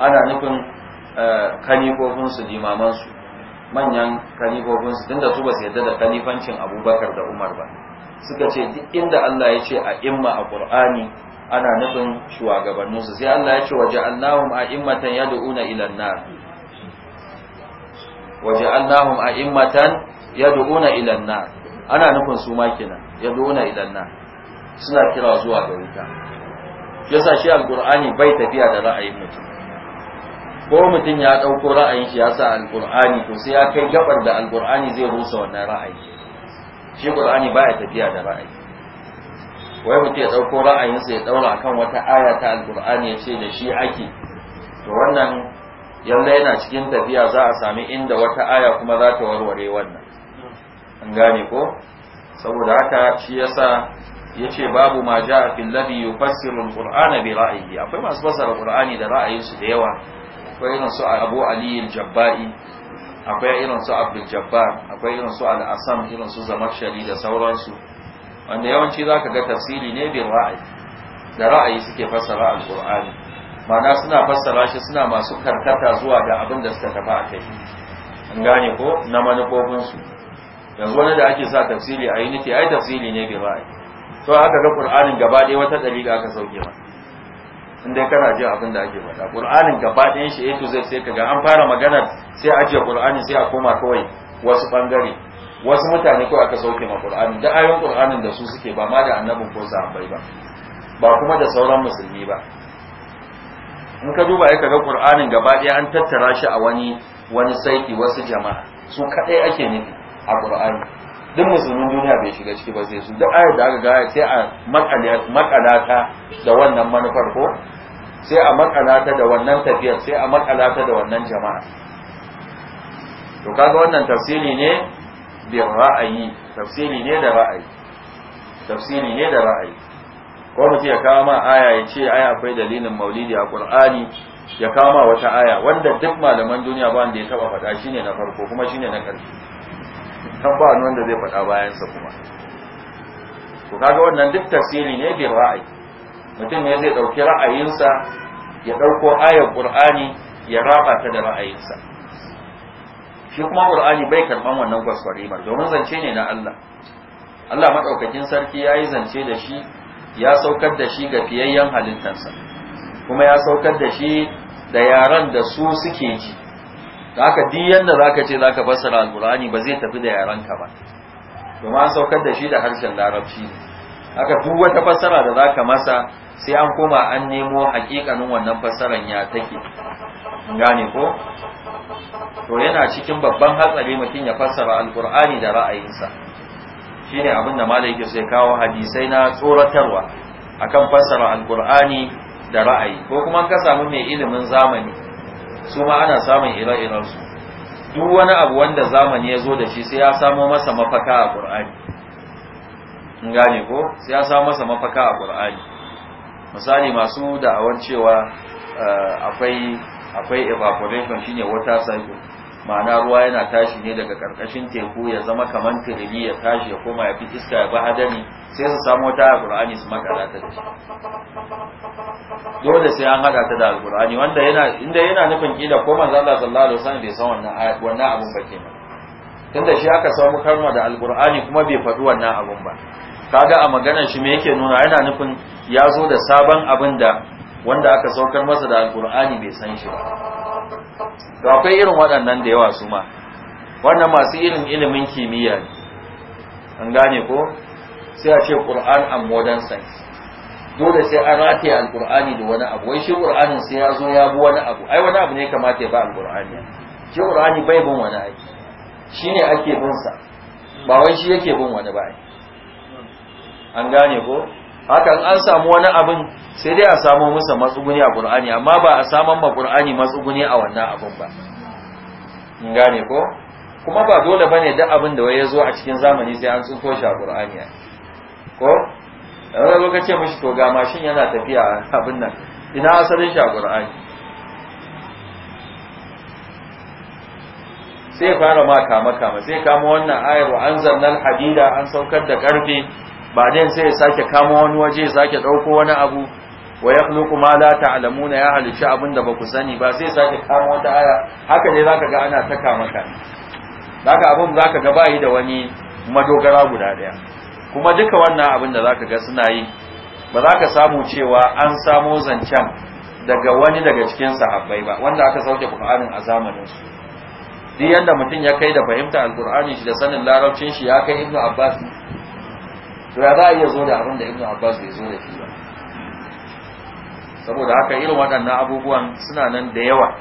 [SPEAKER 1] ana nufin Eh, kalifofinsu limamansu manyan kalifofinsu tunda su ba su yadda da kalifancin abubakar da umar ba suka ce duk inda allah ya ce a imma a ƙur'ani ana nufin shugabanninsu sai allah ya ce waje allahun a immatan ya da'una ilan nar waje allahun a immatan ya da'una ilan nar ana nufin su makina ya da'una ilan nar suna kira zuwa ga wuta yasa shi alƙur'ani bai tafiya da ra'ayin mutum ko mutum ya ɗauko ra'ayin shi ya sa alƙur'ani to sai ya kai gabar da alƙur'ani zai rusa wannan ra'ayi shi ƙur'ani baya tafiya da ra'ayi wai mutum ya ɗauko ra'ayinsa ya ɗaura akan wata aya ta alƙur'ani ya ce da shi ake to wannan yalla yana cikin tafiya za a sami inda wata aya kuma za ta warware wannan an gane ko saboda haka shi yasa yace babu ma ja'a fil ladhi yufassiru alqur'ana bi akwai masu fassara alqur'ani da ra'ayinsu da yawa akwai irin su abu aliyu jabba'i akwai irin su abu jabba akwai irin su al'asam irin su zamakshari da sauransu wanda yawanci za ka ga tafsiri ne bin ra'ayi da ra'ayi suke fassara alƙur'ani ma'ana suna fassara shi suna masu karkata zuwa ga abin da suka tafi a kai an gane ko na manufofinsu yanzu wani da ake sa tafsiri a yi nufi ai tafsiri ne bin ra'ayi to aka ga ƙur'anin gaba ɗaya wata ɗari aka sauke ba in dai kana jin abin da ake faɗa qur'anin gaba ɗayan shi a to z sai kaga an fara magana sai a ajiye qur'ani sai a koma kawai wasu bangare wasu mutane kawai aka sauke ma qur'ani da ayoyin qur'anin da su suke ba ma da annabin ko sahabbai ba ba kuma da sauran musulmi ba in ka duba ai kaga qur'anin gaba ɗaya an tattara shi a wani wani saiti wasu jama'a su kadai ake nufi a qur'ani duk musulmin duniya bai shiga ciki ba sai su duk ayar da aka gaya sai a makalata da wannan manufar ko sai a makalata da wannan tafiyar sai a makalata da wannan jama'a to kaga wannan tafsiri ne bi ra'ayi tafsiri ne da ra'ayi tafsiri ne da ra'ayi ko mutum ya kawo ma aya ya ce ai akwai dalilin maulidi a qur'ani ya kawo ma wata aya wanda duk malaman duniya ba wanda ya taba faɗa shine na farko kuma shine na ƙarshe kan ba wani wanda zai faɗa bayansa kuma to kaga wannan duk tafsiri ne bil ra'ayi mutum ne zai ɗauki ra'ayinsa ya ɗauko ayar qur'ani ya raba ta da ra'ayinsa shi kuma qur'ani bai karɓan wannan ba domin zance ne na Allah Allah madaukakin sarki ya yi zance da shi ya saukar da shi ga fiyayyen halittarsa kuma ya saukar da shi da yaran da su suke ji da haka duk za ka ce za ka fassara alkur'ani ba zai tafi da yarenka ba domin an saukar da shi da harshen larabci haka duk wata fassara da za ka masa sai an koma an nemo hakikanin wannan fassaran ya take gane ko to yana cikin babban hatsari mutum ya fassara alkur'ani da ra'ayinsa shine abin da malai sai kawo hadisai na tsoratarwa akan fassara alkur'ani da ra'ayi ko kuma ka samu mai ilimin zamani su ma ana samun ire-iren duk wani abu wanda zamani ya zo da shi sai ya samo masa mafaka a ƙur'ani. in gane ko sai ya samo masa mafaka a Qur'ani misali masu da'awar cewa eh, akwai akwai evaporation shine water cycle ma'ana ruwa yana tashi ne daga karkashin teku ya zama kaman tirimi ya tashi ya koma ya fi iska ya bi hadari sai su samu wata alqur'ani su da ta shi. dole sai an hada ta da alqur'ani wanda yana inda yana nufin kila ko manzo Allah sallallahu alaihi wasallam bai san wannan wannan abun ba kenan tunda shi aka samu karma da alqur'ani kuma bai faɗi wannan abun ba kaga a maganar shi me yake nuna yana nufin ya zo da sabon abin da wanda aka saukar masa da alqur'ani bai san shi ba to akwai irin waɗannan da yawa su ma wannan masu irin ilimin kimiyya ne an gane ko sai a ce ƙur'an a modern science dole sai an rataye Alƙur'ani da wani abu wai shi qur'anin sai ya zo ya bi wani abu ai wani abu ne kamata ya ba Alƙur'ani. shi ƙur'ani bai bin wani aiki ne ake bin sa ba wai shi yake bin wani ba an gane ko hakan an samu wani abin sai dai a samu musa matsuguni a qur'ani amma ba a saman ba qur'ani matsuguni a wannan abin ba in gane ko kuma ba dole bane duk abin da ya zo a cikin zamani sai an tsinko shi a qur'ani ko yanzu wani lokacin mashi to ga mashin yana tafiya abin nan ina asalin shi a qur'ani sai fara ma kama kama sai kama wannan ayar wa anzalnal hadida an saukar da karfe ba'din sai ya sake kama wani waje ya sake dauko wani abu wa yakhluqu ma la ta'lamuna ya halishi abinda ba ku sani ba sai ya sake kama wata aya haka ne zaka ga ana ta kama ka zaka abun zaka ga bai da wani madogara guda daya kuma duka wannan abin da zaka ga suna yi ba za ka samu cewa an samo zancen daga wani daga cikin sahabbai ba wanda aka sauke Qur'anin a zamanin su duk yanda mutum ya kai da fahimta alkur'ani shi da sanin larabcin shi ya kai ibnu abbas to ya za a iya zo da abin da ibn abbas bai zo da shi ba saboda haka irin waɗannan abubuwan suna nan da yawa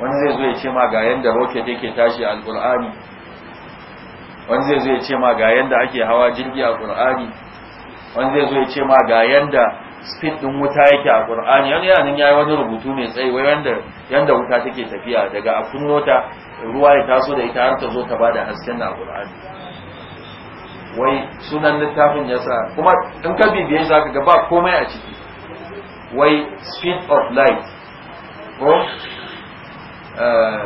[SPEAKER 1] wani zai zo ya ce ma ga yanda roke yake tashi a alƙur'ani wani zai zo ya ce ma ga yanda ake hawa jirgi a alƙur'ani wani zai zo ya ce ma ga yanda speed din wuta yake a Alƙur'ani. wani yana nan yayi wani rubutu mai tsayi wai wanda yanda wuta take tafiya daga a kunnota ruwa ya taso da ita har ta zo ta bada hasken na a wai sunan littafin ya sa kuma in ka bibiye shi zaka ga ba komai a ciki wai speed of light ko eh,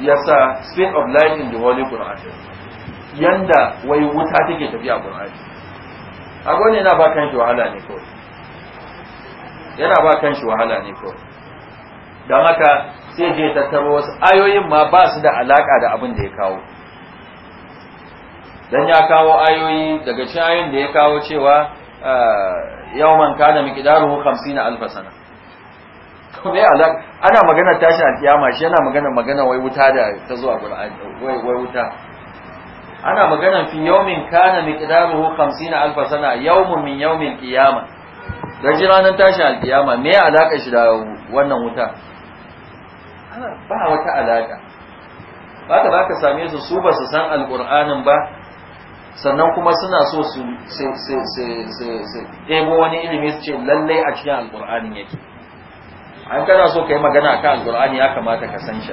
[SPEAKER 1] ya sa speed of light in the holy Quran yanda wai wuta take tafiya Qur'ani a gwani yana ba kan shi wahala ne ko yana ba kan shi wahala ne ko don haka sai je tattaro wasu ayoyin ma ba su da alaka da abin da ya kawo dan ya kawo ayoyi daga cikin ayoyin da ya kawo cewa ah, yawman kana miqdaruhu 50 alf sana to me alak ana magana tashi alkiyama shi yana magana magana wai wuta da ta zuwa qur'ani wai wai wuta ana magana fi yawmin kana miqdaruhu 50 alf sana yawmun min yawmil qiyama da ji ranar tashi alkiyama me alaka shi da wannan wuta ba wata alaka ba ka same su su ba su san alkur'anin ba sannan kuma suna so su ɗebo wani ilimi su ce lallai a cikin alƙur'anin yake an kana so ka yi magana a kan alƙur'ani ya kamata ka san shi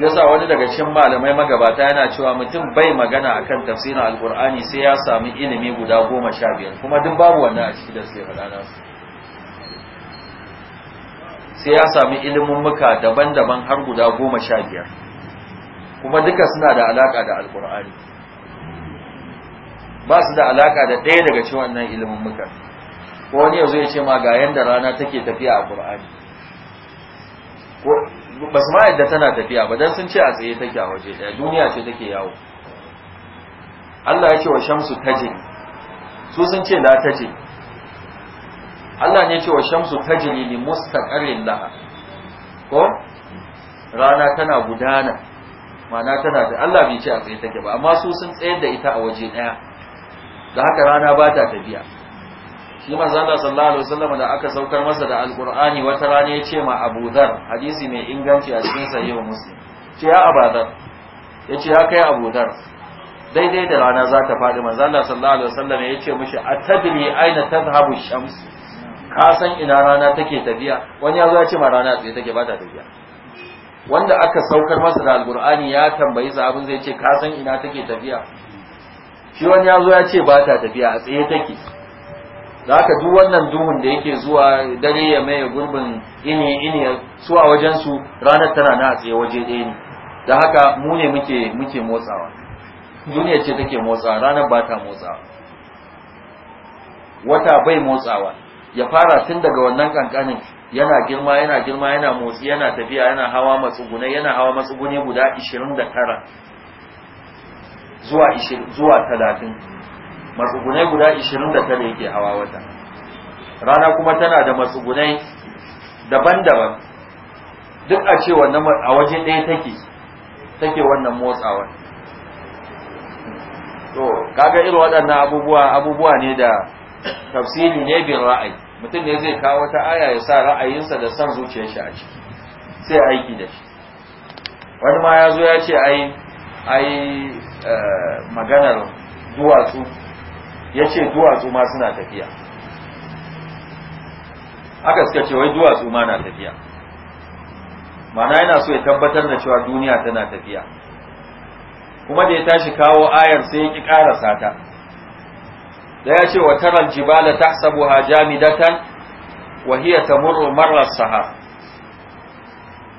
[SPEAKER 1] yasa wani daga cikin malamai magabata yana cewa mutum bai magana a kan tafsirin alkur'ani sai ya sami ilimi guda goma sha biyar kuma duk babu wannan a ciki da suke faɗa sai ya sami muka daban-daban har guda goma sha biyar kuma duka suna da alaƙa da alkur'ani ba su da alaka da ɗaya daga cikin wannan ilimin muka ko wani yanzu ya ce ma ga yanda rana take tafiya a Qur'ani ko ba su ma yadda tana tafiya ba dan sun ce a tsaye take a waje ɗaya duniya ce take yawo Allah ya ce wa shamsu tajri su sun ce la taje. Allah ne ya ce wa shamsu tajri li mustaqarrin laha ko rana tana gudana ma'ana tana da Allah bai ce a tsaye take ba amma su sun tsayar da ita a waje ɗaya da haka rana ba ta tafiya shi manzala sallallahu alaihi wasallam da aka saukar masa da alqur'ani wata rana ya ce ma Abu Dhar hadisi mai inganci a cikin sahihu Muslim ce ya Abu Dhar yace ya kai Abu Dhar daidai da rana za ta faɗi manzala sallallahu alaihi wasallam ya ce mishi atadri aina tadhhabu shams ka san ina rana take tafiya wani ya zo ya ce ma rana tsaye take ba ta tafiya wanda aka saukar masa da alqur'ani ya tambayi sahabin zai ce ka san ina take tafiya shi wani ya zo ya ce ba ta tafiya a tsaye take Za ka duk wannan duhun da yake zuwa dare ya maye gurbin ini ini su a wajen su ranar tana na a tsaye waje ɗaya ne da haka mu ne muke muke motsawa duniya ce take motsawa ranar ba ta motsawa wata bai motsawa ya fara tun daga wannan kankanin yana girma yana girma yana motsi yana tafiya yana hawa matsugune yana hawa matsugune guda 29 zuwa zuwa talatin matsugunai guda ishirin da tare yake hawa wata rana kuma tana da matsugunai daban-daban duk a ce wannan a wajen ɗaya take take wannan motsawar to kaga irin waɗannan abubuwa abubuwa ne da tafsiri ne bin ra'ayi mutum ne zai kawo wata aya ya sa ra'ayinsa da son zuciyar shi a ciki sai aiki da shi wani ma ya zo ya ce ai ai eh, maganar duwatsu ya ce duwatsu ma suna tafiya haka suka ce wai duwatsu ma na tafiya mana yana so ya tabbatar da cewa duniya tana tafiya kuma da ya tashi kawo ayar sai ya ƙi ƙarasa ta da ya ce wa taral jibala ha jamidatan wa hiya tamurru marar sahar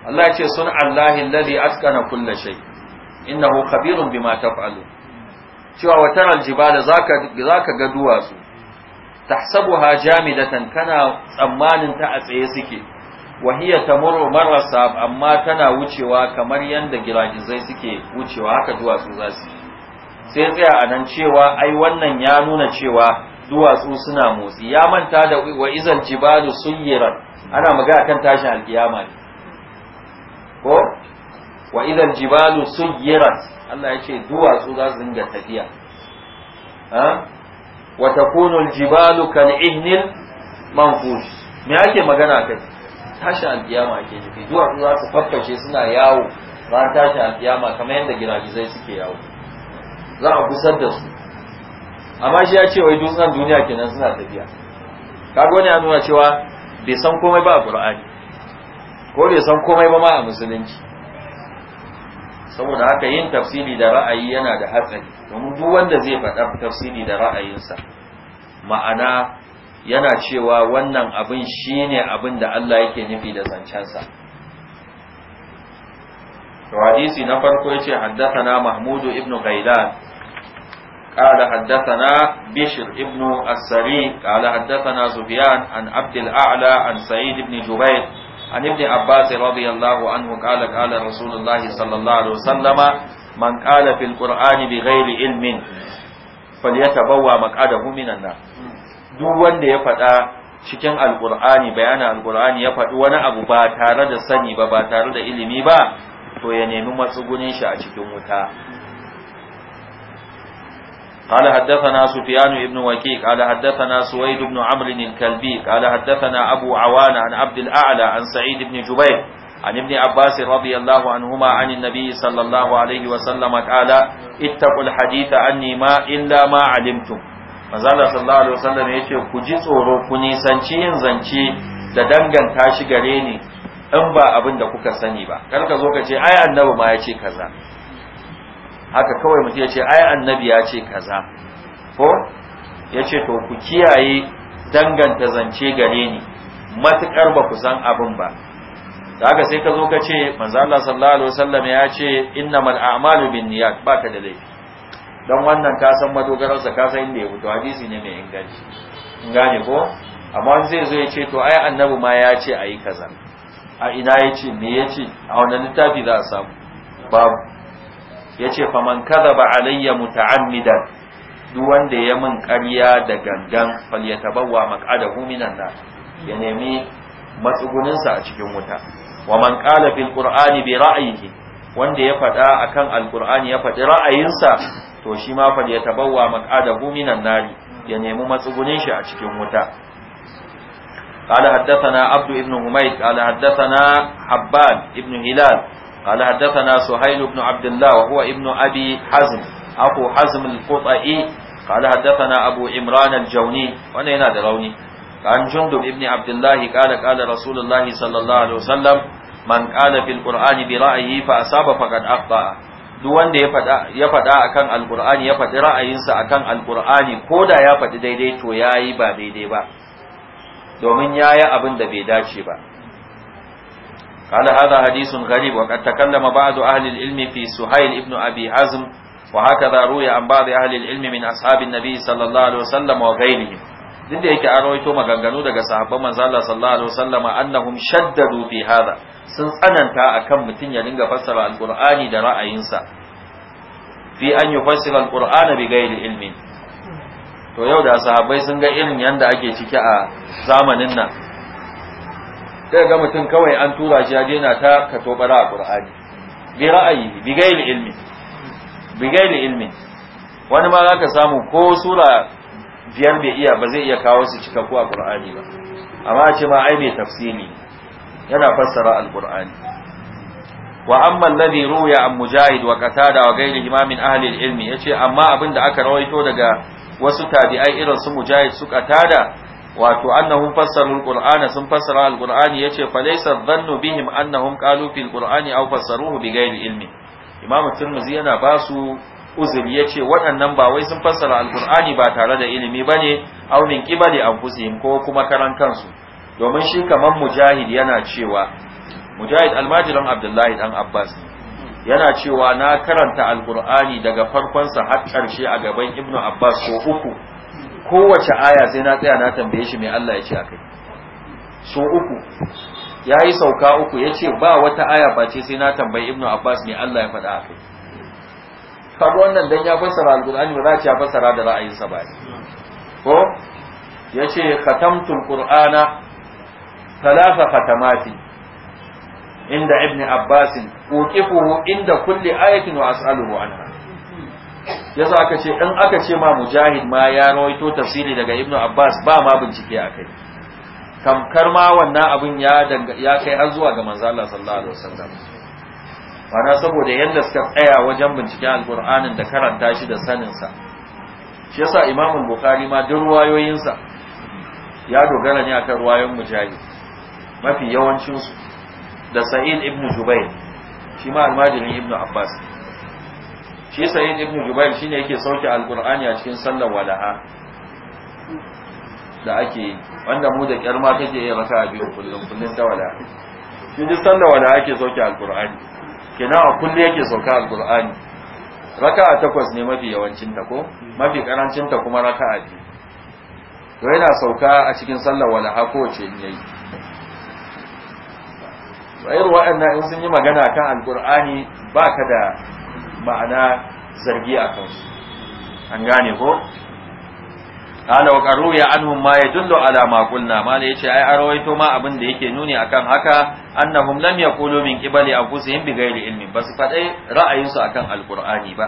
[SPEAKER 1] Allah ya ce sun Allahi alladhi atqana kulla shai. innahu khabirun bima taf'alu cewa wa taral jibala zaka zaka ga duwatsu tahsabuha jamidatan kana tsammanin ta a tsaye suke wa hiya tamuru marasa amma tana wucewa kamar yanda giragizai suke wucewa haka duwatsu za su sai tsaya a nan cewa ai wannan ya nuna cewa duwatsu suna motsi ya manta da wa izal jibalu sunyira ana magana kan tashin alkiyama ne ko wa idan jibalu suyirat Allah ya ce duwatsu za su dinga tafiya wa takunu aljibalu kal ihnil manfush me ake magana kai Tashi alkiyama ake nufi duwatsu za su faffashe suna yawo za ta tashi alkiyama kamar yadda zai suke yawo za a gusar da su amma shi ya ce wai dutsen duniya kenan suna tafiya kaga wani ya nuna cewa bai san komai ba a qur'ani ko bai san komai ba ma a musulunci saboda haka yin tafsiri da ra'ayi yana da hatsari domin duk wanda zai faɗa tafsiri da ra'ayinsa ma'ana yana cewa wannan abin shine abin da Allah yake nufi da zancensa to hadisi na farko yace haddathana mahmudu ibn gailan قال حدثنا بشر ابن السري قال حدثنا سفيان عن عبد الأعلى عن سعيد بن جبير عن ابن عباس رضي الله عنه قال قال رسول الله صلى الله عليه وسلم من قال في القرآن بغير علم فليتبوى مقعده من النار duk wanda ya faɗa cikin alƙur'ani bayanin alkur'ani ya faɗi wani abu ba tare da sani ba ba tare da ilimi ba to ya nemi matsugunin shi a cikin wuta قال حدثنا سفيان بن وكيع قال حدثنا سويد بن عمرو الكلبي قال حدثنا أبو عوان عن عبد الأعلى عن سعيد بن جبير عن ابن عباس رضي الله عنهما عن النبي صلى الله عليه وسلم قال اتقوا الحديث عني ما إلا ما علمتم manzala sallallahu alaihi wasallam yace ku ji tsoro ku nisanci yin zance da danganta shi gare ni in ba abin da kuka sani ba kar ka zo ka ce ai annabi ma yace kaza haka kawai mutum ya ce ai annabi ya ce kaza ko ya ce to ku kiyaye danganta zance gare ni matukar ba ku san abin ba da haka sai ka zo ka ce manzo Allah sallallahu alaihi wasallam ya ce innamal a'malu niyyat baka da laifi dan wannan ka san madogaran sa ka san inda ya fito hadisi ne mai inganci in gane ko amma wani zai zo ya ce to ai annabi ma ya ce ayi kaza a ina ya ce me ya ce a wannan littafi za a samu babu Ya ce faman ba alayya muta'ammidan duk wanda ya min ƙarya da gangan fal tabawa maq'adahu minan nar ya nemi matsugunin a cikin wuta wa man qala fil qur'ani bi ra'yihi wanda ya faɗa akan Alƙur'ani ya faɗi ra'ayinsa to shi ma fal ya tabawa maq'adahu minan nar ya nemi matsugunin shi a cikin wuta قال حدثنا عبد ابن حميد قال حدثنا حبان ابن هلال قال حدثنا سهيل بن عبد الله وهو ابن أبي حزم أخو حزم القطعي قال حدثنا أبو عمران الجوني وانا ينادى لوني عن جندب ابن عبد الله قال قال رسول الله صلى الله عليه وسلم من قال في القرآن برأيه فأصاب فقد أخطأ duk wanda ya faɗa a kan alƙur'ani ya faɗi ra'ayinsa a kan alƙur'ani ko da ya faɗi daidai to ya yi ba daidai ba domin ya yi abin da bai dace ba قال هذا حديث غريب وقد تكلم بعض أهل العلم في سهيل ابن أبي حزم وهكذا روي عن بعض أهل العلم من أصحاب النبي صلى الله عليه وسلم وغيرهم din da yake an rawaito maganganu daga sahabban manzo sallallahu alaihi wasallama annahum shaddadu fi hada sun tsananta akan mutum ya dinga fassara alqur'ani da ra'ayinsa fi an yufassira alqur'ana bi ghairi ilmi to yau da sahabbai sun ga irin yanda ake ciki a zamanin nan sai ga mutum kawai an tura shi yaje na ta kato bara a bi ra'ayi bi ghairi ilmi bi ilmi wani ma zaka samu ko sura biyan bai iya ba zai iya kawo su cika a qur'ani ba amma a ce ma ai bai tafsiri yana fassara al-qur'ani wa amma alladhi ruya an mujahid wa qatada wa ghairi imamin ahli al-ilmi yace amma abinda aka rawaito daga wasu tabi'ai irin su mujahid su qatada wato annahum fassaru alqur'ana sun fassara alqur'ani yace fa laysa dhannu bihim annahum qalu fil qur'ani aw fassaruhu bighairi ilmi imamu tirmidhi yana basu uzuri yace waɗannan ba wai sun fassara alqur'ani ba tare da ilimi bane aw min qibali anfusihim ko kuma karan kansu domin shi kaman mujahid yana cewa mujahid almajiran abdullahi dan abbas yana cewa na karanta alqur'ani daga farkonsa har ƙarshe a gaban ibnu abbas ko uku kowace aya sai na tsaya na tambaye shi mai Allah ya ce akai so uku ya yi sauka uku ya ce ba wata aya ce sai na tambayi ibnu abbas mai Allah ya faɗa akai kaga wannan dan ya fassara alqur'ani ba za ta fassara da ra'ayinsa ba ko yace khatamtul qur'ana thalatha khatamati inda Ibnu abbas uqifuhu inda kulli ayatin wa as'aluhu anha yasa aka ce in aka ce ma mujahid ma ya rawaito tafsiri daga ibnu abbas ba ma bincike a kai. tamkar ma wannan abin ya ya kai har zuwa ga manzo Allah sallallahu alaihi wasallam saboda yanda suka tsaya wajen binciken alqur'anin da karanta shi da sanin sa shi yasa imam bukhari ma duk ruwayoyin sa ya dogara ne akan ruwayoyin mujahid mafi yawancin su da sa'id Ibnu jubair shi ma almajirin Ibnu abbas shi sai ibn jubair shine yake sauke alqur'ani a cikin sallar walaha da ake yi wanda mu da kyar ma kake yi raka a biyu kullum kullum ta wala shi duk sallar wala yake sauke alqur'ani kenan a kullum yake sauka alqur'ani a takwas ne mafi yawancin ta ko mafi karancin ta kuma a biyu to yana sauka a cikin sallar ko ce ne yi bayar waɗannan in sun yi magana kan alqur'ani ba ka da ma'ana zargi a kansu an gane ko qala wa qaru ya anhum ma yadullu ala ma qulna mala yace ai arwaito ma abin da yake nuni akan haka annahum lam yaqulu min qibali anfusihim bi ghairi ilmin basu ra'ayin ra'ayinsu akan alqur'ani ba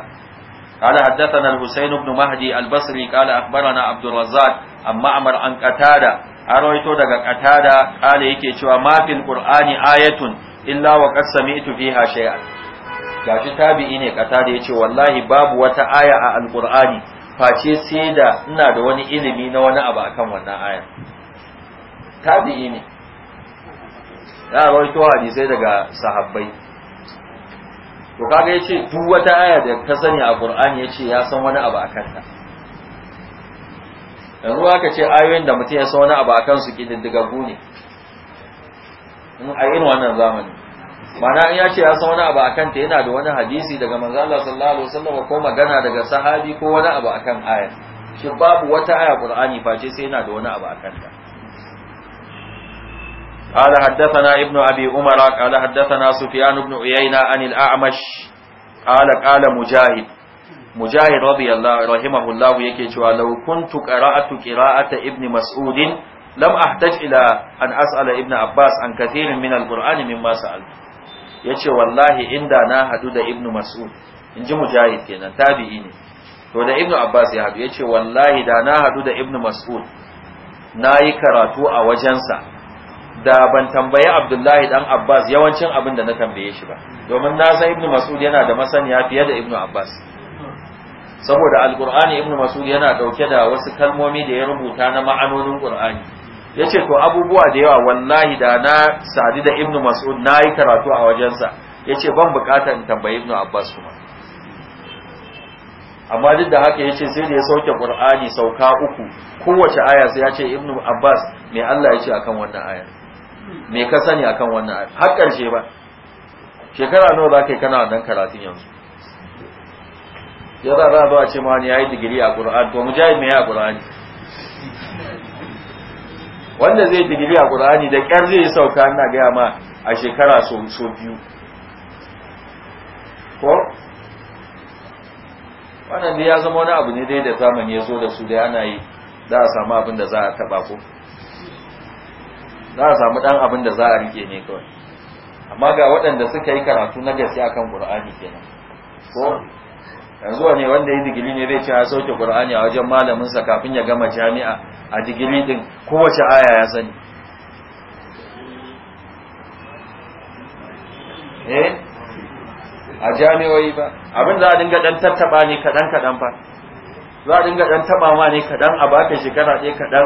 [SPEAKER 1] Al-Husayn الحسين Mahdi, Al-Basri, قال اخبرنا عبد razzaq amma amar an qatada arwaito daga qatada kale yake cewa ma fil qur'ani ayatun illa wa qad sami'tu fiha shay'an gashi tabi'i ne kasa da yace wallahi babu wata aya a alqur'ani face sai da ina da wani ilimi na wani abu akan wannan aya. tabi'i ne ya rawaito hadisai daga sahabbai to kaga yace duk wata aya da ka sani a qur'ani yace ya san wani abu akan ta ruwa ka ce ayoyin da mutum ya san wani abu akan su kididdiga ne in a irin wannan zamani. mana ya ce ya san wani abu a kanta yana da wani hadisi daga manzo Allah sallallahu alaihi wasallam ko magana daga sahabi ko wani abu kan aya shi babu wata aya Qur'ani face sai yana da wani abu akan ta قال حدثنا ابن أبي عمر قال حدثنا سفيان بن عيينة عن الأعمش قال قال مجاهد مجاهد رضي الله رحمه الله يكي لو كنت قرأت قراءة ابن مسعود لم أحتج إلى أن أسأل ابن عباس عن كثير من القرآن مما سألت ya ce wallahi inda na hadu da ibnu mas'ud in ji mujahid kenan tabi'i ne to da ibnu abbas ya hadu ya ce wallahi da na hadu da ibnu mas'ud na yi karatu a wajensa da ban tambayi abdullahi dan abbas yawancin abin da na tambaye shi ba domin na san ibnu mas'ud yana da masaniya fiye da ibnu abbas saboda alqur'ani ibnu mas'ud yana dauke da wasu kalmomi da ya rubuta na ma'anonin qur'ani yace to abubuwa da yawa wallahi da na sadi da ibnu mas'ud nayi karatu a wajensa yace ban bukata in tambayi ibnu abbas kuma amma duk da haka yace sai da ya sauke qur'ani sauka uku kowace aya sai yace ibnu abbas me Allah yace akan wannan aya me ka sani akan wannan aya har karshe ba shekara nawa zaka yi kana wannan karatun yanzu ya za a ce ma wani yi digiri a qur'ani to mujahid me ya qur'ani wanda zai digiri a qur'ani da kyar zai sauka ina gaya ma a shekara so biyu ko wannan ya zama wani abu ne dai da zamani ya zo da su dai ana yi za a samu abin da za a taba ko za a samu dan abin da za a rike ne kawai amma ga waɗanda suka yi karatu na gaske akan qur'ani kenan ko yanzu wane wanda ya digiri ne zai ci sauke ƙur'ani a wajen malaminsa kafin ya gama jami'a a digiri din kowace aya ya sani eh a jami'o'i ba abin za a dinga dan tattaba ne kaɗan kadan ba. za a dinga dan taba ma ne kadan a baka shekara ɗaya kaɗan.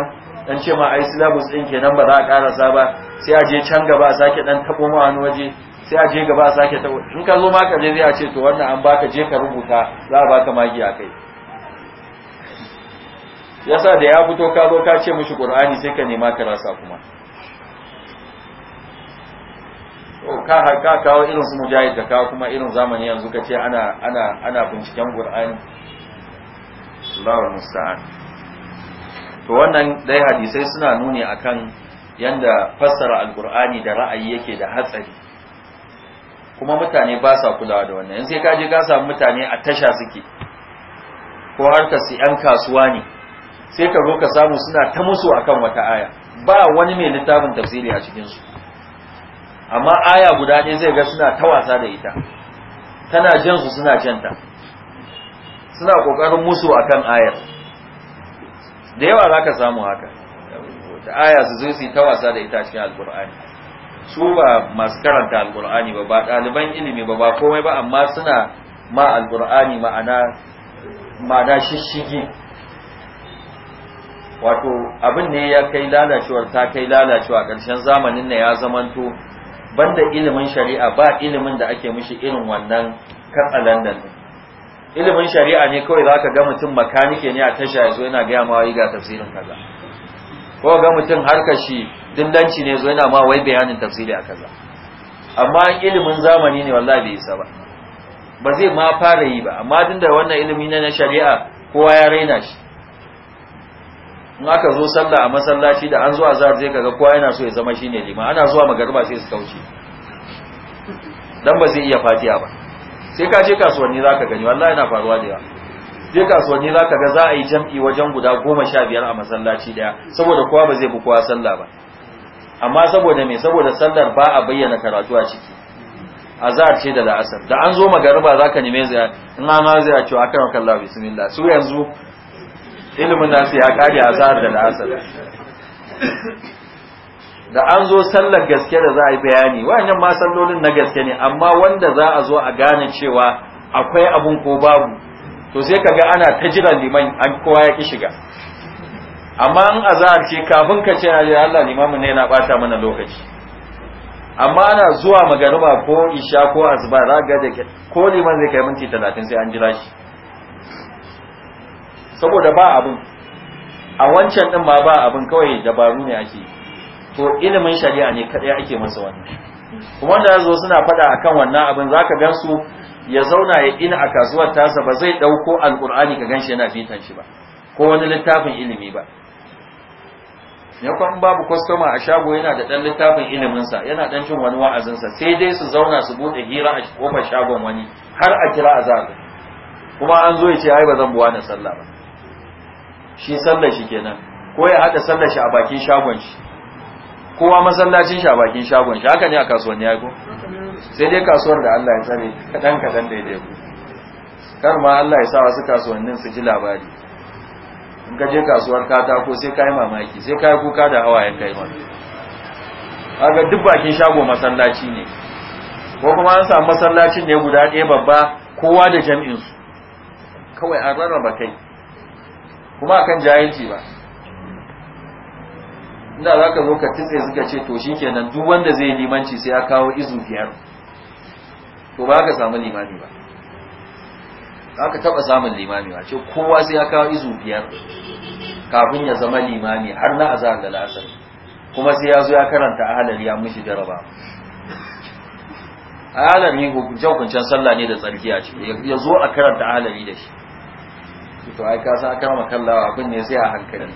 [SPEAKER 1] dan ce ma ai silabus din kenan ba za a karasa ba sai a je can gaba a sake dan tabo ma wani waje sai a je gaba a sake ta in ka zo ma ka je zai a ce to wannan an baka je ka rubuta za a baka magi a kai yasa da ya fito ka zo ka ce mishi qur'ani sai ka nema ka rasa kuma to ka ka kawo irin su mujahid da kawo kuma irin zamani yanzu ka ce ana ana ana binciken qur'ani Allahu musta'an to wannan dai hadisai suna nuni akan yanda fassara alqur'ani da ra'ayi yake da hatsari kuma mutane ba sa kulawa da wannan in sai ka je ka samu mutane a tasha suke ko harkar su yan kasuwa ne sai ka zo ka samu suna ta musu akan wata aya ba wani mai littafin tafsiri a cikin su amma aya guda ɗaya zai ga suna ta wasa da ita tana jan su suna janta suna kokarin musu akan ayar da yawa zaka samu haka da aya su zo su yi ta wasa da ita cikin alkur'ani su ba masu karanta alkur'ani ba ba ɗaliban ilimi ba ba komai ba amma suna ma alkur'ani ma'ana ma'ana shishigi wato abin ne ya kai lalacewar ta kai lalacewa ƙarshen zamanin na ya zamanto banda ilimin shari'a ba ilimin da ake mishi irin wannan ne. ilimin shari'a ne kawai za ka ga mutum makanike ne a tasha ya zo yana gaya ma ga tafsirin kaza ko ga mutum harkar shi Dindanci ne zo yana ma wai bayanin tafsiri a kaza amma ilimin zamani ne wallahi bai isa ba ba zai ma fara yi ba amma dinda wannan ilimi na shari'a kowa ya raina shi in aka zo sallah a masallaci da an zo a zai kaga kowa yana so ya zama shine lima ana zuwa magarba sai su kauce dan ba zai iya fatiha ba sai ka je kasuwanni zaka gani wallahi yana faruwa da yawa je kasuwanni za ka ga za a yi jam'i wajen guda goma sha biyar a masallaci daya saboda kowa ba zai bi kowa sallah ba amma saboda me saboda sallar ba a bayyana karatu a ciki a azhar ce da la'asar da an zo magariba ka neme zai in an ma zai ce akan kallah bismillah su yanzu ilimin nasu ya kare azhar da la'asar da an zo sallar gaske da za a yi bayani wayannan ma sallolin na gaske ne amma wanda za a zo a gane cewa akwai abun ko babu to sai ka ga ana ta jiran liman an kowa ya ki shiga amma in azahar ce kafin ka ce ya Allah limamin ne yana bata mana lokaci amma ana zuwa magariba ko isha ko asuba za ga da ko liman zai kai minti 30 sai an jira shi saboda ba abin a wancan din ma ba abin kawai dabaru ne ake to ilimin shari'a ne kadai ake masa wannan kuma da zo suna faɗa akan wannan abin zaka gan su ya zauna ya ina a kasuwar tasa ba zai dauko alqur'ani ka ganshi yana fitan shi ba ko wani littafin ilimi ba ya kwan babu kwastoma a shago yana da ɗan littafin iliminsa yana ɗan cin wani wa'azinsa sai dai su zauna su buɗe hira a kofar shagon wani har a kira a zaɓi kuma an zo ya ce ai ba zan buwa na sallah ba shi sallar shi kenan ko ya haɗa sallar shi a bakin shagon shi kowa masallacin shi a bakin shagon shi haka ne a kasuwanni ya ko sai dai kasuwar da Allah ya tsare kaɗan kaɗan daidai ku kar ma Allah ya sa wasu kasuwannin su ji labari in ka je kasuwar katako sai ka yi mamaki sai ka yi kuka da hawayen kai ma aga duk bakin shago masallaci ne ko kuma an samu masallacin ne guda ɗaya babba kowa da jam'insu kawai an rarraba kai kuma akan jahilci ba inda za ka zo ka tutse suka ce to shi kenan duk wanda zai limanci sai ya kawo izu biyar to ba ka samu limani ba aka taba samun limami a ce kowa sai ya kawo izu biyar kafin ya zama limami har na azar da la'asar kuma sai ya zo ya karanta ahalari ya mishi jaraba ahalari hukuncen sallah ne da tsarki a ciki ya zo a karanta ahalari da shi to ai ka aka kallawa abin ne sai a hankali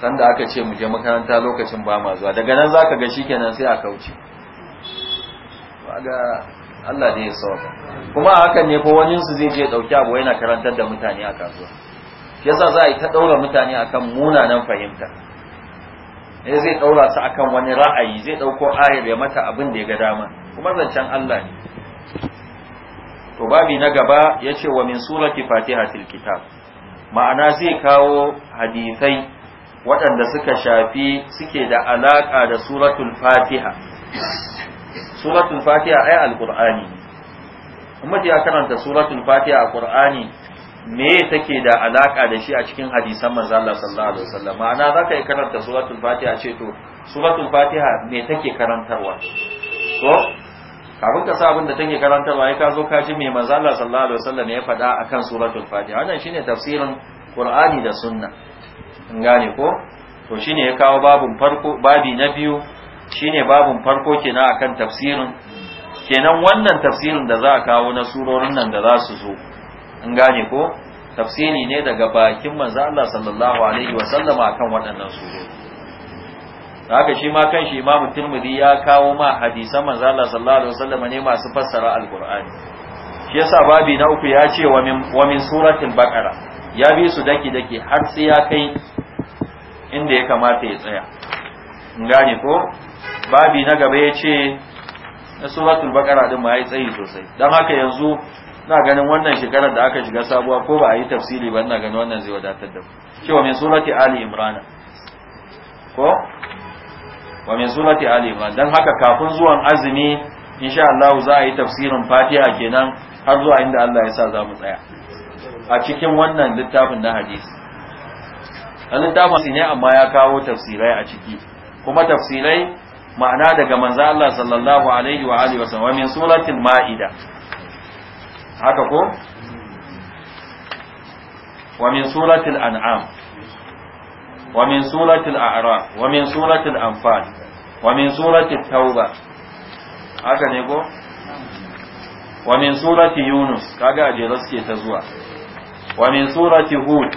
[SPEAKER 1] sanda aka ce mu je makaranta lokacin ba ma zuwa daga nan za ka ga shikenan sai a kauce Allah da ya sauka kuma a hakan ne ko wani su zai je dauki abu yana karantar da mutane a kasuwa yasa za a yi ta daura mutane akan munanan fahimta ne eh, zai daura su akan wani ra'ayi zai dauko ayar ya mata abin da ya ga dama kuma zancen Allah ne to babi na gaba yace wa min surati fatihatil kitab ma'ana zai kawo hadisai waɗanda suka shafi suke da alaƙa da suratul fatiha suratul fatiha ai alqur'ani amma ya karanta suratul fatiha a me take da alaka da shi a cikin hadisan manzo Allah sallallahu alaihi wasallam ma'ana zaka yi karanta suratul fatiha ce to suratul fatiha me take karantarwa to kafin ka sa abin da take karantarwa ai ka zo ka ji me manzo Allah sallallahu alaihi wasallam ya faɗa akan suratul fatiha wannan shine tafsirin qur'ani da sunna in gane ko to shine ya kawo babin farko babi na biyu shine babin farko kenan akan tafsirin kenan wannan tafsirin da za a kawo na surorin nan da za su zo in gane ko tafsiri ne daga bakin manzo Allah sallallahu alaihi wa sallama akan waɗannan surori haka shi ma kan shi Imam Tirmidhi ya kawo ma hadisan manzo Allah sallallahu alaihi wa sallama ne masu fassara alqur'ani shi yasa babi na uku ya ce wa min wa min suratul baqara ya bi su daki daki har sai ya kai inda ya kamata ya tsaya in gane ko babi na gaba ya ce na suratul bakara din ma yi tsayi sosai don haka yanzu na ganin wannan shekarar da aka shiga sabuwa ko ba a yi tafsiri ba ina ganin wannan zai wadatar da cewa min surati ali Imrana, ko wa min surati ali Imrana don haka kafin zuwan azumi insha Allah za a yi tafsirin Fatiha kenan har zuwa inda Allah ya sa za mu tsaya a cikin wannan littafin na hadisi a littafin ne amma ya kawo tafsirai a ciki kuma tafsirai ma'ana daga manzo Allah sallallahu alaihi wa alihi wasallam min suratul maida haka ko wa min suratul an'am wa min suratul a'raf wa min suratul anfal wa min suratul tauba haka ne ko wa min surati yunus kaga ajira suke ta zuwa wa min surati hud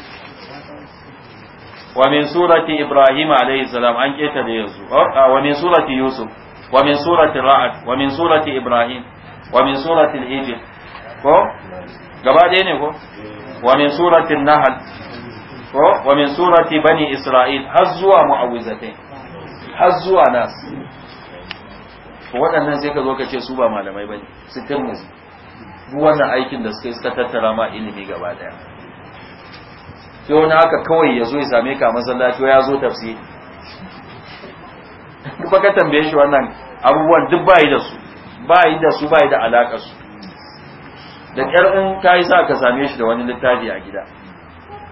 [SPEAKER 1] wa min surati ibrahim alayhi an ketare yanzu oh, ah, wa min surati yusuf wa min surati ra'ad wa min surati ibrahim wa min surati al ko gaba ɗaya ne ko wa min ko wa min isra'il har zuwa waɗannan sai ka zo ka ce su ba malamai bane su tirmizi duk wannan aikin da suka yi suka tattara ma ilimi gaba daya sai wani haka kawai ya zo ya same ka masallaci ya zo tafsiri kuma ka tambaye shi wannan abubuwan duk bayi da su bayi da su bayi da alaƙa su da ƙyar in ka yi sa ka same shi da wani littafi a gida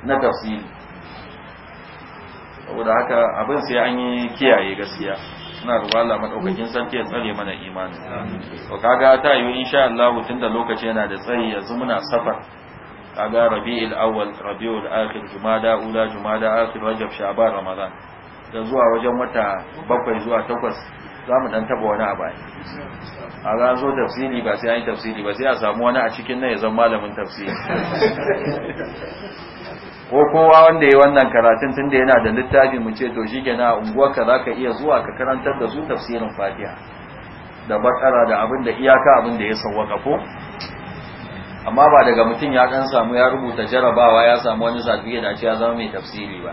[SPEAKER 1] na tafsiri saboda haka abin sai an yi kiyaye gaskiya suna ruwa Allah madaukakin sarki ya tsare mana imani to kaga ta yi insha Allah tunda lokaci yana da tsayi yanzu muna safar kaga rabi'ul awwal rabi'ul akhir jumada ula jumada akhir rajab sha'ban ramadan da zuwa wajen wata bakwai zuwa takwas za mu dan taba wani abu a ga zo tafsiri ba sai an yi tafsiri ba sai a samu wani a cikin nan ya zama malamin tafsiri ko kowa wanda ya yi wannan karatun tunda yana da littafi mu ce to shi ke na unguwarka za ka iya zuwa ka karantar da su tafsirin fatiha da bakara da abin da iyaka abin da ya sauwaka ko amma ba daga mutum ya dan samu ya rubuta jarabawa ya samu wani zafiya da ya zama mai tafsiri ba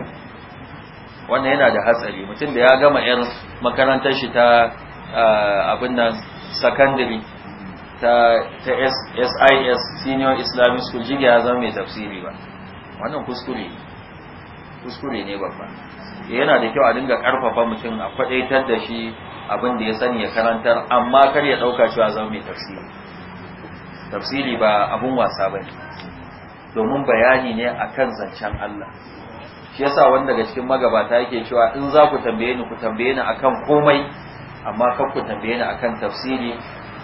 [SPEAKER 1] wannan yana da hatsari mutum da ya gama 'yan makarantar shi ta ah, abin nan secondary ta SIS Senior Islamic School jiga ya zama mai tafsiri ba wannan kuskure kuskure ne babba eh, yana da kyau a dinga karfafa mutum a kwadaitar da shi abin da ya sani ya karantar amma kar ya dauka cewa zama mai tafsiri tafsiri ba abun wasa bane domin bayani ne akan zancen Allah shi yasa wanda daga cikin magabata yake cewa in za ku tambaye ni ku tambaye ni akan komai amma kan ku tambaye ni akan tafsiri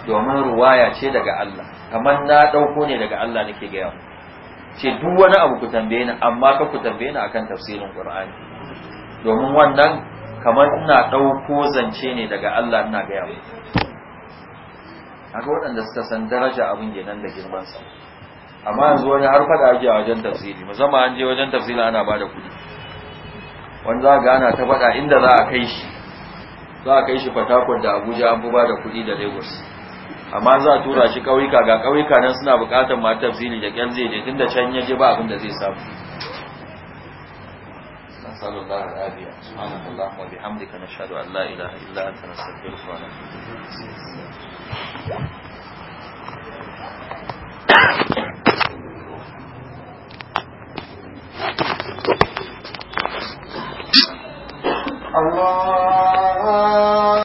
[SPEAKER 1] domin ruwaya ce daga Allah kamar na dauko ne daga Allah nake ga yau ce duk wani abu ku tambaye ni amma kan ku tambaye ni akan tafsirin Qur'ani domin wannan kamar ina ɗauko zance ne daga Allah ina gaya yau haka waɗanda suka san daraja abin nan da girman sa
[SPEAKER 2] amma yanzu wani har
[SPEAKER 1] fada ake a wajen tafsiri musamman an je wajen tafsiri ana bada kuɗi wani za ga ana ta faɗa inda za a kai shi za a kai shi fatakon da abuja an fi da kuɗi da lagos amma za a tura shi ƙauyuka ga ƙauyuka nan suna buƙatar ma tafsiri da ƙyan zai je tun da can ya je ba abin da zai samu نسأل الله العافية سبحانك اللهم وبحمدك نشهد أن لا إله إلا أنت نستغفرك ونتوب إليك Allah